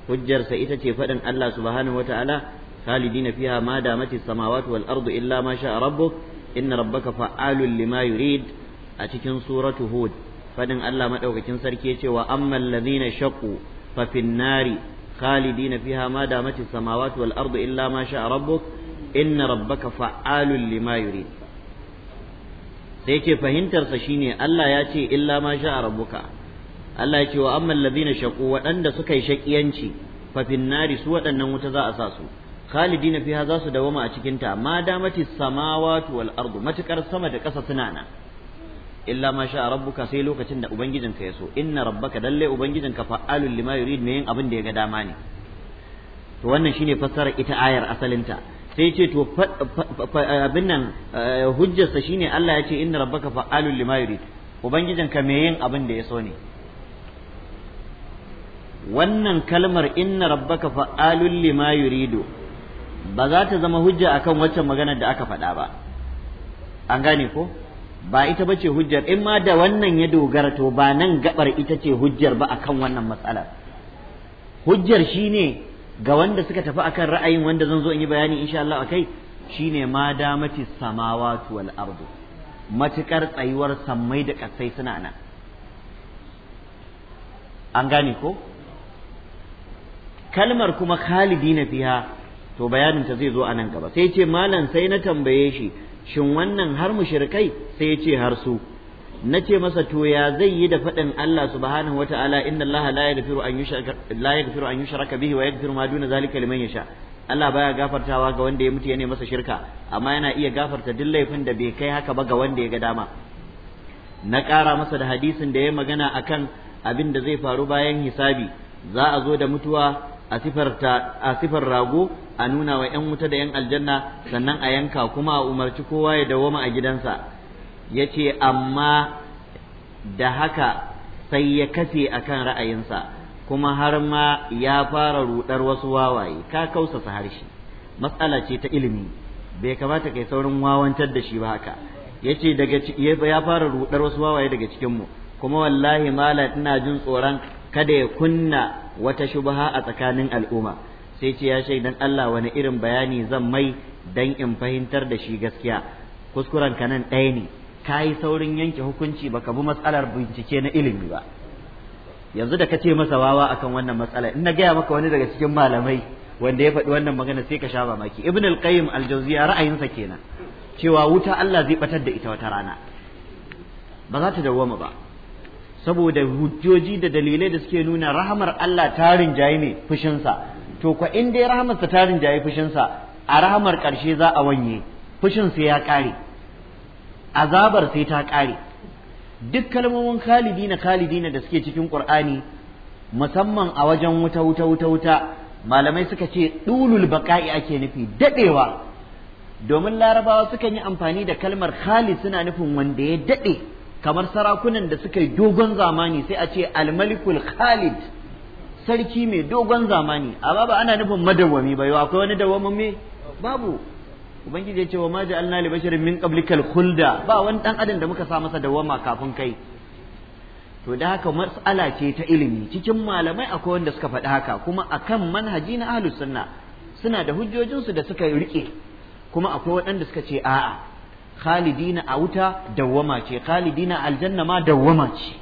Speaker 1: hujjarsa ita ce faɗin Allah subhanahu wa ta'ala خالدين فيها ما دامت السماوات والأرض إلا ما شاء ربك إن ربك فعال lima يريد a cikin suratu hud fadin Allah maɗaukakin sarki yace wa ammal ladhina shaqu fa fin nari khalidina fiha ma damati samawati wal ardu illa ma sha'a rabbuk inna rabbaka fa'alun lima yurid sai ce fahimtar sa shine Allah ya ce illa ma sha'a rabbuka Allah ya ce wa ammal ladhina shaqu waɗanda suka yi shakiyanci fa fin su waɗannan wuta za a sa su khalidina fiha za su dawama a cikinta ma damati samawati wal ardu matukar sama da ƙasa suna nan illa ma sha rabbuka sai lokacin da ubangijinka ya so inna rabbaka dalle ubangijinka fa'alul lima yurid ne yin abin da ya ga dama ne to wannan shine fassarar ita ayar asalinta sai ce to abin nan eh, hujjarsa shine Allah ya ce inna rabbaka fa'alul lima yurid ubangijinka me yin abin da ya so ne wannan kalmar inna rabbaka fa'alul lima yuridu ba za ta zama hujja akan waccan maganar da aka faɗa ba an gane ko ba ita ba ce hujjar in ma da wannan ya dogara to ba nan gabar ita ce hujjar ba akan wannan matsalar hujjar shine ga wanda suka tafi akan ra'ayin wanda zan zo in yi bayani insha Allah akai shine ma damati samawati wal ardu matukar tsayuwar sammai da kasai suna nan an gane ko kalmar kuma khalidina fiha to bayanin ta zai zo a nan gaba sai ce malam sai na tambaye shi shin wannan har mushrikai sai ya ce har su na masa to ya zai yi da faɗin Allah subhanahu wa ta'ala inna Allah la yaghfiru an yushraka la yaghfiru an yushraka bihi wa yaghfiru ma duna zalika liman yasha Allah baya gafartawa ga wanda ya mutu yana masa shirka amma yana iya gafarta duk laifin da bai kai haka ba ga wanda ya ga dama na ƙara masa da hadisin da ya magana akan abin da zai faru bayan hisabi za a zo da mutuwa a sifar rago a nuna wa 'yan wuta da 'yan aljanna sannan a yanka kuma a umarci kowa ya dawoma a gidansa Yace amma da haka sai ya kafe akan ra'ayinsa kuma har ma ya fara rudar wasu wawaye ka kausasa harshe matsala ce ta ilimi bai kamata kai saurin wawantar da shi ba haka ya ce ya fara rudar wasu wawaye daga cikinmu kuma wallahi mala ina jin tsoron kada ya kunna wata shubha a tsakanin al'umma sai ce ya shaidan Allah wani irin bayani zan mai dan in fahimtar da shi gaskiya kuskuren ka nan ɗaya ne ka yi saurin yanke hukunci baka bi matsalar bincike na ilimi ba yanzu da ka ce masa wawa akan wannan matsala in na gaya maka wani daga cikin malamai wanda ya faɗi wannan magana sai ka sha mamaki ibn al-qayyim al-jawziya ra'ayinsa kenan cewa wuta Allah zai batar da ita wata rana ba za ta dawwama ba saboda hujjoji da dalilai da suke nuna rahamar Allah ta rinjaye ne fushinsa to kwa in dai rahamarsa ta jayi fushinsa a rahamar ƙarshe za a wanye fushin sai ya ƙare azabar sai ta ƙare duk kalmomin khalidina khalidina da suke cikin qur'ani musamman a wajen wuta wuta wuta wuta malamai suka ce dulul baqa'i ake nufi dadewa domin larabawa suka yi amfani da kalmar khalid suna nufin wanda ya dade kamar sarakunan da suka yi dogon zamani sai a ce almalikul khalid sarki mai dogon zamani amma ba ana nufin madawwami ba yau akwai wani dawwamin me babu ubangiji ya ce wa ma ja'alna li basharin min qablikal khulda ba wani dan adam da muka sa masa dawwama kafin kai to da haka matsala ce ta ilimi cikin malamai akwai wanda suka faɗi haka kuma akan manhaji na ahlus sunna suna da hujjojinsu da suka rike kuma akwai waɗanda suka ce a'a khalidina a wuta dawwama ce khalidina aljanna ma dawwama ce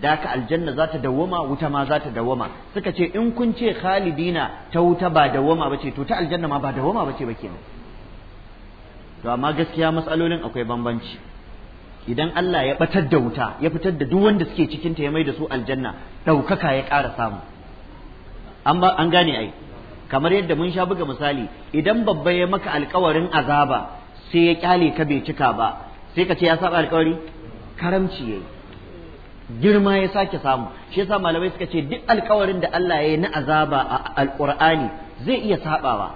Speaker 1: da haka aljanna za ta dawwama wuta ma za ta dawwama suka ce in kun ce khalidina ta wuta ba dawwama ba to ta aljanna ma ba dawwama ba ce ba kenan to amma gaskiya matsalolin akwai bambanci idan Allah ya batar da wuta ya fitar da duk wanda suke cikin ta ya mai da su aljanna ɗaukaka ya ƙara samu an ba an gane ai kamar yadda mun sha buga misali idan babba ya maka alƙawarin azaba sai ya kyale ka bai cika ba sai ka ce ya saba alkawari karamci yayi girma ya sake samu shi yasa malamai suka ce duk alkawarin da Allah ya yi na azaba a alqur'ani zai iya sabawa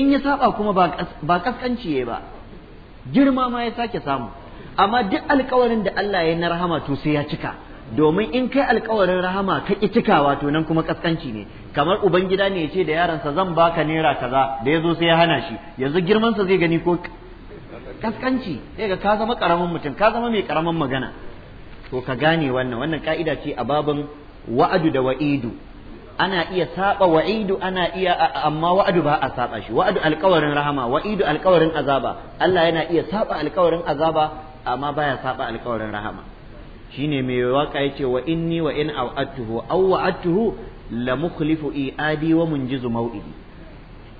Speaker 1: in ya saba kuma ba kaskanci yayi ba girma ma ya sake samu amma duk alkawarin da Allah ya yi na rahama to sai ya cika domin in kai alkawarin rahama ka ki cikawa to nan kuma kaskanci ne kamar ubangida ne ya ce da yaransa zan baka naira kaza da ya zo sai ya hana shi yanzu girmansa zai gani ko kaskanci sai ga ka zama karamin mutum ka zama mai karamin magana to ka gane wannan wannan ka'ida ce a babin wa'adu da wa'idu ana iya saba wa'idu ana iya amma wa'adu ba a saba shi wa'adu alkawarin rahama wa'idu alkawarin azaba Allah yana iya saba alkawarin azaba amma baya saba alkawarin rahama shine mai waka yace wa inni wa in au'attuhu aw wa'atuhu la mukhlifu i'adi wa munjizu maw'idi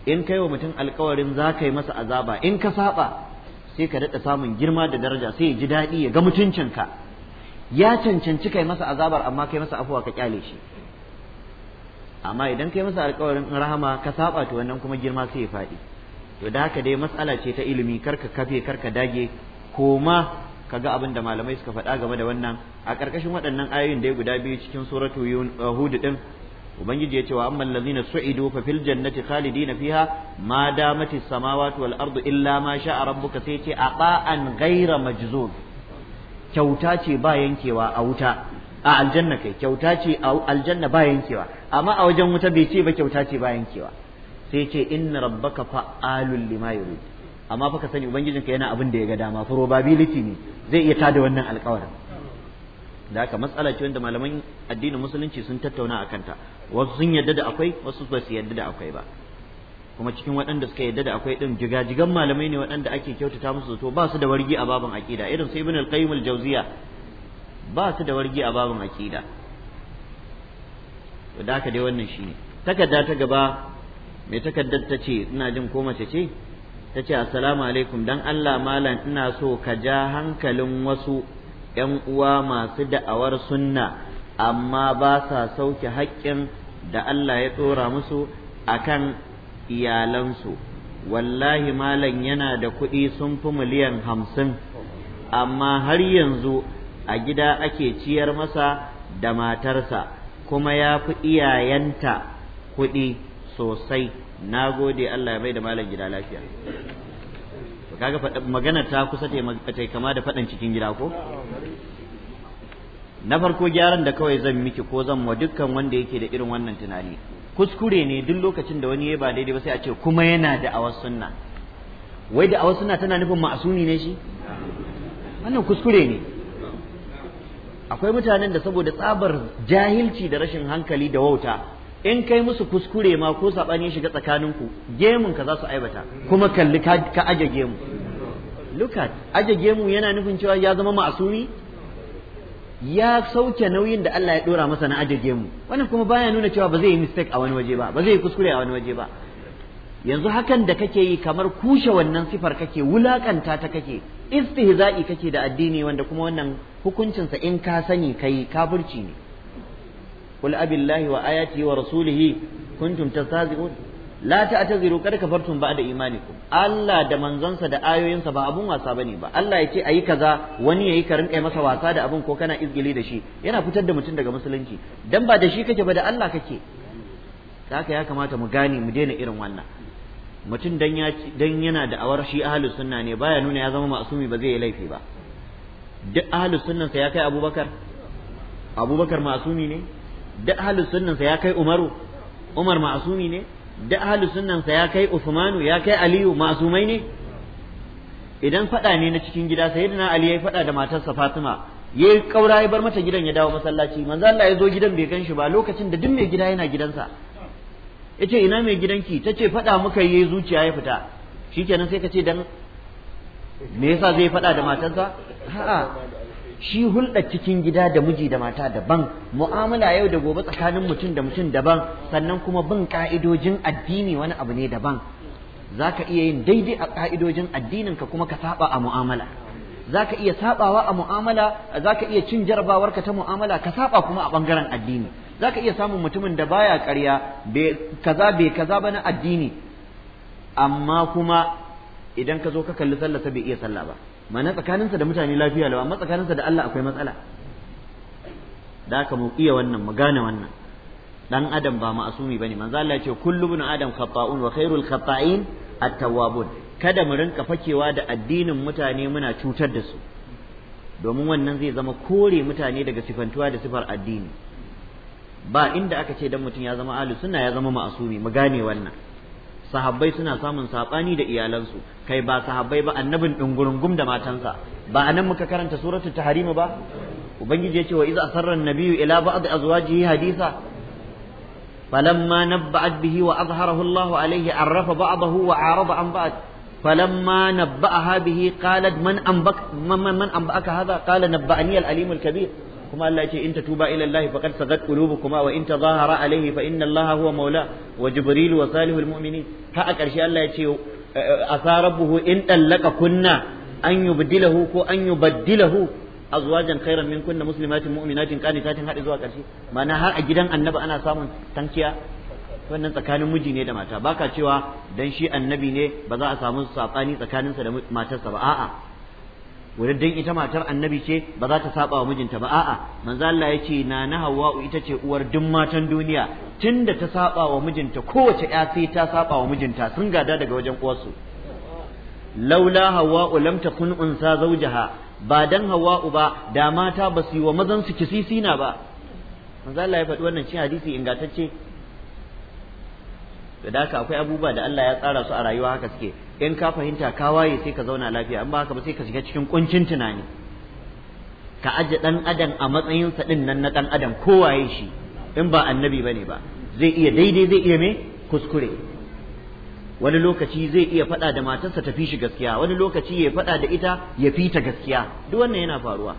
Speaker 1: in kai wa mutum alkawarin za ka yi masa azaba in ka saba sai ka daɗa samun girma da daraja sai ya ji daɗi ya ga mutuncinka ya cancanci kai masa azabar amma kai masa afuwa ka kyale shi amma idan kai masa alkawarin rahama ka saba to wannan kuma girma sai ya faɗi to da haka dai matsala ce ta ilimi karka kafe karka dage koma ka ga abin da malamai suka faɗa game da wannan a ƙarƙashin waɗannan ayoyin dai guda biyu cikin suratu uh, hud din ubangiji ya ce wa amman lazina su'idu fa fil jannati khalidina fiha ma damati samawati wal ardu illa ma sha'a rabbuka sai ce aqa'an ghaira majzun kyauta ce ba yankewa a wuta a aljanna kai kyauta ce a aljanna ba yankewa amma a wajen wuta bai ce ba kyauta ce ba yankewa sai ce inna rabbaka fa'alul lima yurid amma fa ka sani ubangijinka yana abin da ya ga dama probability ne zai iya tada wannan alƙawarin da haka matsala ce wanda malaman addinin musulunci sun tattauna a kanta wasu sun yadda da akwai wasu ba su yadda da akwai ba kuma cikin waɗanda suka yadda da akwai ɗin, jigajigan malamai ne waɗanda ake kyautata musu zato ba su da wargi a babin aqida irin sai ibn al-qayyim al-jawziya ba su da wargi a babin aqida to da ka dai wannan shine takarda ta gaba mai takardar ta ce ina jin ko mace ce ta ce assalamu alaikum dan Allah malam ina so ka ja hankalin wasu ƴan uwa masu da'awar sunna amma ba sa sauke haƙƙin da Allah ya tsora musu a kan iyalansu wallahi malam yana da kuɗi sun fi miliyan hamsin amma har yanzu a gida ake ciyar masa da matarsa kuma ya fi iyayenta kuɗi sosai na gode Allah ya bai da malam gida lafiya kaga magana ta kusa ta kama da faɗin cikin gida ko na farko gyaran da kawai zan miki ko zan wa dukkan wanda yake da irin wannan tunani kuskure ne duk lokacin da wani ya ba daidai ba sai a ce kuma yana da awa sunna wai da awa sunna tana nufin ma'asumi ne shi wannan kuskure ne akwai mutanen da saboda tsabar jahilci da rashin hankali da wauta in kai musu kuskure ma ko sabani shiga tsakaninku gemun ka za su aibata kuma kalli ka aje gemu look aje gemu yana nufin cewa ya zama ma'asumi ya sauke nauyin da Allah ya dora masa na ajaje mu wannan kuma baya nuna cewa ba zai yi mistake a wani waje ba ba zai yi kuskure a wani waje ba yanzu hakan da kake yi kamar kushe wannan sifar kake wulakanta ta kake istihza'i kake da addini wanda kuma wannan hukuncinsa in ka sani kai kafirci ne qul abillahi wa ayati wa rasulihi kuntum tastahzi'un la ta'tazuru kad kafartum ba'da imanikum Allah da manzansa da ayoyinsa ba abun wasa bane ba Allah yake ayi kaza wani yayi ka rinka masa wasa da abun ko kana izgili da shi yana fitar da mutum daga musulunci dan ba da shi kake ba da Allah kake haka ya kamata mu gane mu daina irin wannan mutum dan ya dan yana da awar shi ahlus sunna ne baya nuna ya zama ma'sumi ba zai yi laifi ba duk ahlus sunnan sa ya kai Abubakar Abubakar ma'sumi ne duk ahlus sunnan sa ya kai Umaru Umar ma'sumi ne da sunnan sunnansa ya kai Usmanu ya kai Aliyu masumai ne idan faɗa ne na cikin gida sayyidina Ali yayi faɗa da matarsa Fatima yayi kaura ya bar mata gidan ya dawo masallaci manzo Allah ya zo gidan bai gan shi ba lokacin da duk mai gida yana gidansa yace ina mai gidanki tace faɗa muka yi zuciya ya fita shikenan sai ka ce dan me yasa zai faɗa da matarsa a'a shi hulɗa cikin gida da miji da mata daban mu'amala yau da gobe tsakanin mutum da mutum daban sannan kuma bin ka'idojin addini wani abu ne daban za ka iya yin daidai a ka'idojin addinin ka kuma ka saba a mu'amala za ka iya sabawa a mu'amala za ka iya cin jarabawarka ta mu'amala ka saba kuma a bangaren addini za ka iya samun mutumin da baya karya kaza bai kaza ba na addini amma kuma idan ka zo ka kalli sallah bai iya sallah ba Mana tsakaninsa da mutane lafiya lawa amma tsakaninsa da Allah akwai matsala da aka mu iya wannan mu gane wannan dan adam ba ma'asumi bane manzo Allah ya ce kullu ibn adam khata'un wa khairul khata'in at-tawwabun kada mu rinka fakewa da addinin mutane muna cutar da su domin wannan zai zama kore mutane daga sifantuwa da sifar addini ba inda aka ce dan mutum ya zama ahlus sunna ya zama ma'asumi mu gane wannan sahabbai suna samun saɓani da iyalansu kai ba sahabbai ba annabin dungurungum da matansa ba anan muka karanta suratul taharima ba ubangiji ce wa iz asarra an-nabiyyu ila ba'd azwajihi hadisa falamma nabba'at bihi wa azharahu Allahu alayhi arrafa ba'dahu wa 'arada an ba'd فلما bihi به قالت من أنبأك من, من أنبأك هذا؟ قال نبأني العليم الكبير kuma Allah ce in tatuba ila Allah faqad sagat qulubukuma wa in tazahara alayhi fa inna Allah huwa maula wa jibril wa salihul mu'minin ha a ƙarshe Allah ya ce asa rabbuhu in dallaka kunna an yubdilahu ko an yubaddilahu azwajan khairan min kunna muslimatin mu'minatin qanitatin hadi zuwa ƙarshe ma'ana har a gidan annabi ana samun tankiya wannan tsakanin miji ne da mata baka cewa dan shi annabi ne ba za a samu sabani tsakaninsa da matarsa ba a'a wurin dan ita matar annabi ce ba za ta saba wa mijinta ba a'a manzo Allah yace na na Hawwa'u ita ce uwar duk matan duniya tunda ta saba wa mijinta kowace ya sai ta saba wa mijinta sun gada daga wajen uwarsu laula Hawwa'u lam takun unsa zawjaha ba dan Hawwa'u ba da mata ba su yi wa mazan su kisisina ba manzo Allah ya faɗi wannan cikin hadisi ingantacce da haka akwai abubuwa da Allah ya tsara su a rayuwa haka suke in ka fahimta ka waye sai ka zauna lafiya in ba haka ba sai ka shiga cikin kuncin tunani ka aje dan adam a matsayin sa din nan na dan adam kowaye shi in ba annabi bane ba zai iya daidai zai iya me kuskure wani lokaci zai iya faɗa da matarsa ta fi shi gaskiya wani lokaci ya faɗa da ita ya fita gaskiya duk wannan yana faruwa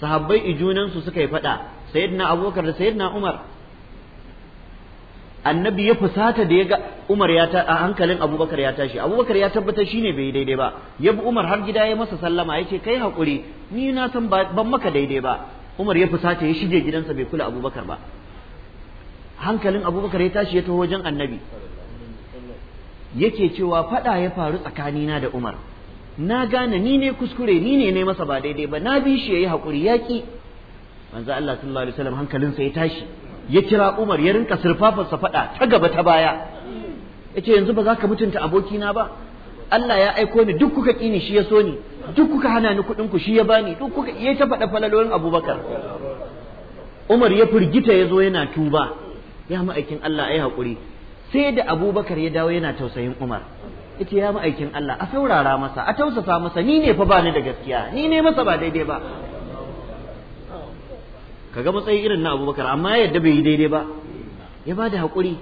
Speaker 1: sahabbai ijunansu suka yi faɗa sayyidina abubakar da sayyidina umar annabi ya fusata da ya ga Umar ya ta a hankalin Abubakar ya tashi Abubakar ya tabbatar ne bai daidai ba ya bi Umar har gida ya masa sallama yace kai hakuri ni na san ban maka daidai ba Umar ya fusata ya shige gidansa bai kula Abubakar ba hankalin Abubakar ya tashi ya taho wajen annabi yake cewa fada ya faru tsakanina da Umar na gane ni ne kuskure ni ne ne masa ba daidai ba na bi shi yayi hakuri yaki manzo Allah sallallahu alaihi wasallam hankalinsa ya tashi ya kira Umar ya rinka sa faɗa ta gaba ta baya yace yanzu ba za ka mutunta aboki na ba Allah ya aiko ni duk kuka kini shi ya so ni duk kuka hana ni kuɗin ku shi ya bani duk kuka ya ta faɗa falalolin Abubakar Umar ya firgita ya zo yana tuba ya ma'aikin Allah ai haƙuri sai da Abubakar ya dawo yana tausayin Umar yace ya ma'aikin Allah a saurara masa a tausasa masa ni ne fa ba ni da gaskiya ni ne masa ba daidai ba kaga matsayi irin na abubakar amma ya yadda bai yi daidai ba ya ba da haƙuri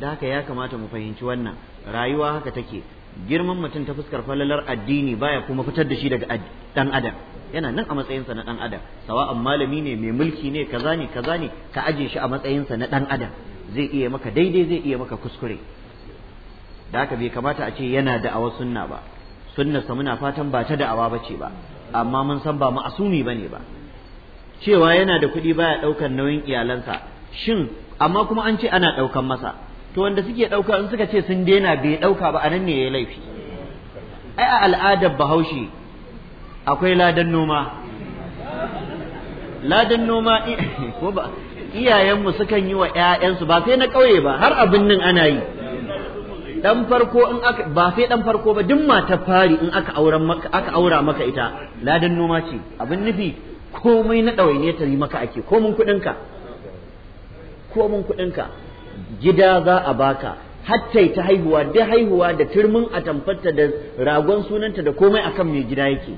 Speaker 1: da haka ya kamata mu fahimci wannan rayuwa haka take girman mutum ta fuskar falalar addini baya kuma fitar da shi daga dan adam yana nan a matsayinsa na dan adam sawa'an malami ne mai mulki ne kaza ne kaza ne ka aje shi a matsayinsa na dan adam zai iya maka daidai zai iya maka kuskure da haka bai kamata a ce yana da'awar sunna ba sa muna fatan ba ta da'awa bace ba amma mun san ba ma'asumi bane ba cewa yana da kuɗi baya ɗaukar nauyin iyalansa shin amma kuma an ce ana ɗaukan masa to wanda suke ɗauka in suka ce sun daina bai ɗauka ba anan ne ya yi laifi ai a al'adar bahaushe akwai ladan noma ladan noma [LAUGHS] iyayenmu sukan yi wa 'ya'yansu ba sai na ƙauye ba har abin nan ana yi dan farko in aka ba sai dan farko ba duk mata fari in aka aura maka aka aura maka ita ladan noma ce abin nufi komai na ɗawainiyar ta yi maka ake komin kuɗinka komin kuɗinka gida za a baka hatta ta haihuwa da haihuwa da turmin atamfarta da ragon sunanta da komai akan mai gida yake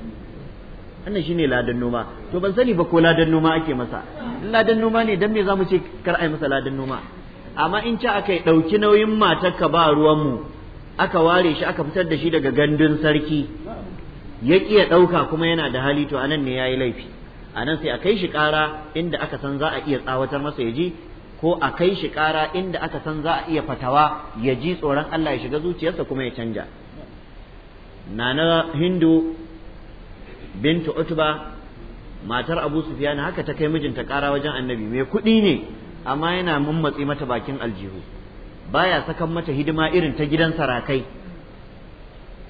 Speaker 1: wannan shine ladan noma to ban sani ba ko ladan noma ake masa in ladan noma ne dan me zamu ce kar ai masa ladan noma amma in ci aka ɗauki nauyin matarka ba ruwanmu aka ware shi aka fitar da shi daga gandun sarki ya ƙi ya ɗauka kuma yana da hali to anan ne ya yi laifi anan sai a kai shi ƙara inda aka san za a iya tsawatar masa ya ji ko a kai shi ƙara inda aka san za a iya fatawa ya ji tsoron Allah ya shiga zuciyarsa kuma ya canja nana hindu bintu utba matar abu sufyan haka ta kai mijinta ƙara wajen annabi mai kuɗi ne amma yana mummatse mata bakin aljihu baya sakan mata hidima irin ta gidan sarakai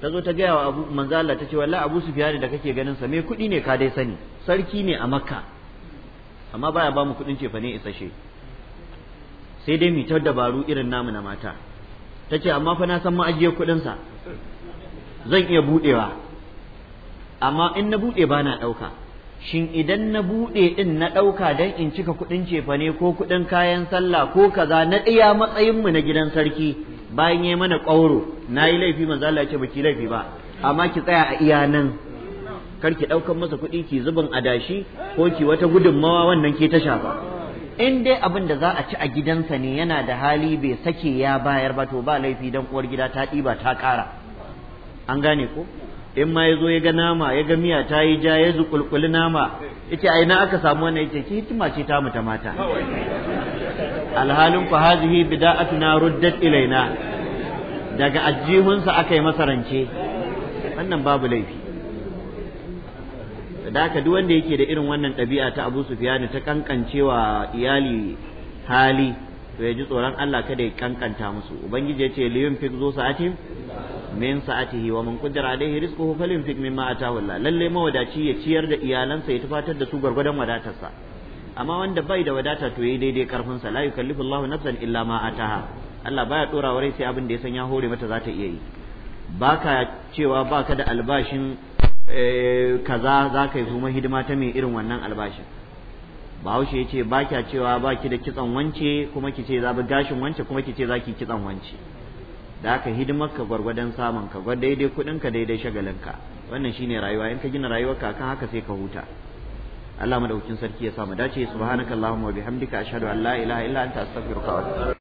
Speaker 1: ta zo ta gaya wa abu manzo Allah ta ce wallahi abu Sufyan da kake ganin sa me kuɗi ne ka dai sani sarki ne a makka amma baya ba mu kuɗin cefa ne isashe sai dai mitar dabaru irin namu na mata ta ce amma fa na san ma'ajiyar sa zan iya buɗewa amma in na buɗe ba na ɗauka shin idan na buɗe ɗin na ɗauka don in cika kuɗin cefane ko kuɗin kayan sallah ko kaza na ɗaya matsayinmu na gidan sarki bayan ya mana ƙwauro na yi laifi manzo Allah ce baki laifi ba amma ki tsaya a iya nan kar ki ɗaukan masa kuɗi ki zubin adashi ko ki wata gudunmawa wannan ke ta shafa in dai abin da za a ci a gidansa ne yana da hali bai sake ya bayar ba to ba laifi dan uwar gida ta ɗiba ta ƙara an gane ko in ma ya zo ya ga nama ya ga miya ta yi ja ya kulkuli nama yace ai na aka samu wannan yace ki hikima ce ta mata mata alhalin fa hadhihi bida'atuna ruddat ilaina daga ajihunsa aka yi masarance wannan babu laifi da haka duk wanda yake da irin wannan ɗabi'a ta Abu Sufyan ta kankancewa iyali hali to ya ji tsoron Allah kada ya kankanta musu ubangiji yace ce liyun fi zo sa'atin min sa'atihi wa man qadara alayhi rizquhu falyunfiq mimma ataahu Allah lalle mawadaci ya ciyar da iyalansa ya tufatar da su gargwadon wadatarsa amma wanda bai da wadata to yayi daidai karfin sa la yukallifu Allahu nafsan illa ma ataha Allah baya dora rai sai abin da ya san ya hore mata za ta iya yi baka cewa baka da albashin eh, kaza za ka yi kuma hidima ta mai irin wannan albashin bahaushe ya ce ba kya cewa ba ki da kitsan wance kuma ki ce za bi gashin wance kuma ki ce za ki kitsan wance da ka hidimar ka gwargwadon samun ka gwar daidai kuɗin ka daidai shagalin ka wannan ne rayuwa in ka gina rayuwar ka kan haka sai ka huta Allah madaukin sarki ya sa mu dace subhanakallahumma wa bihamdika ashhadu an la ilaha illa anta astaghfiruka wa atubu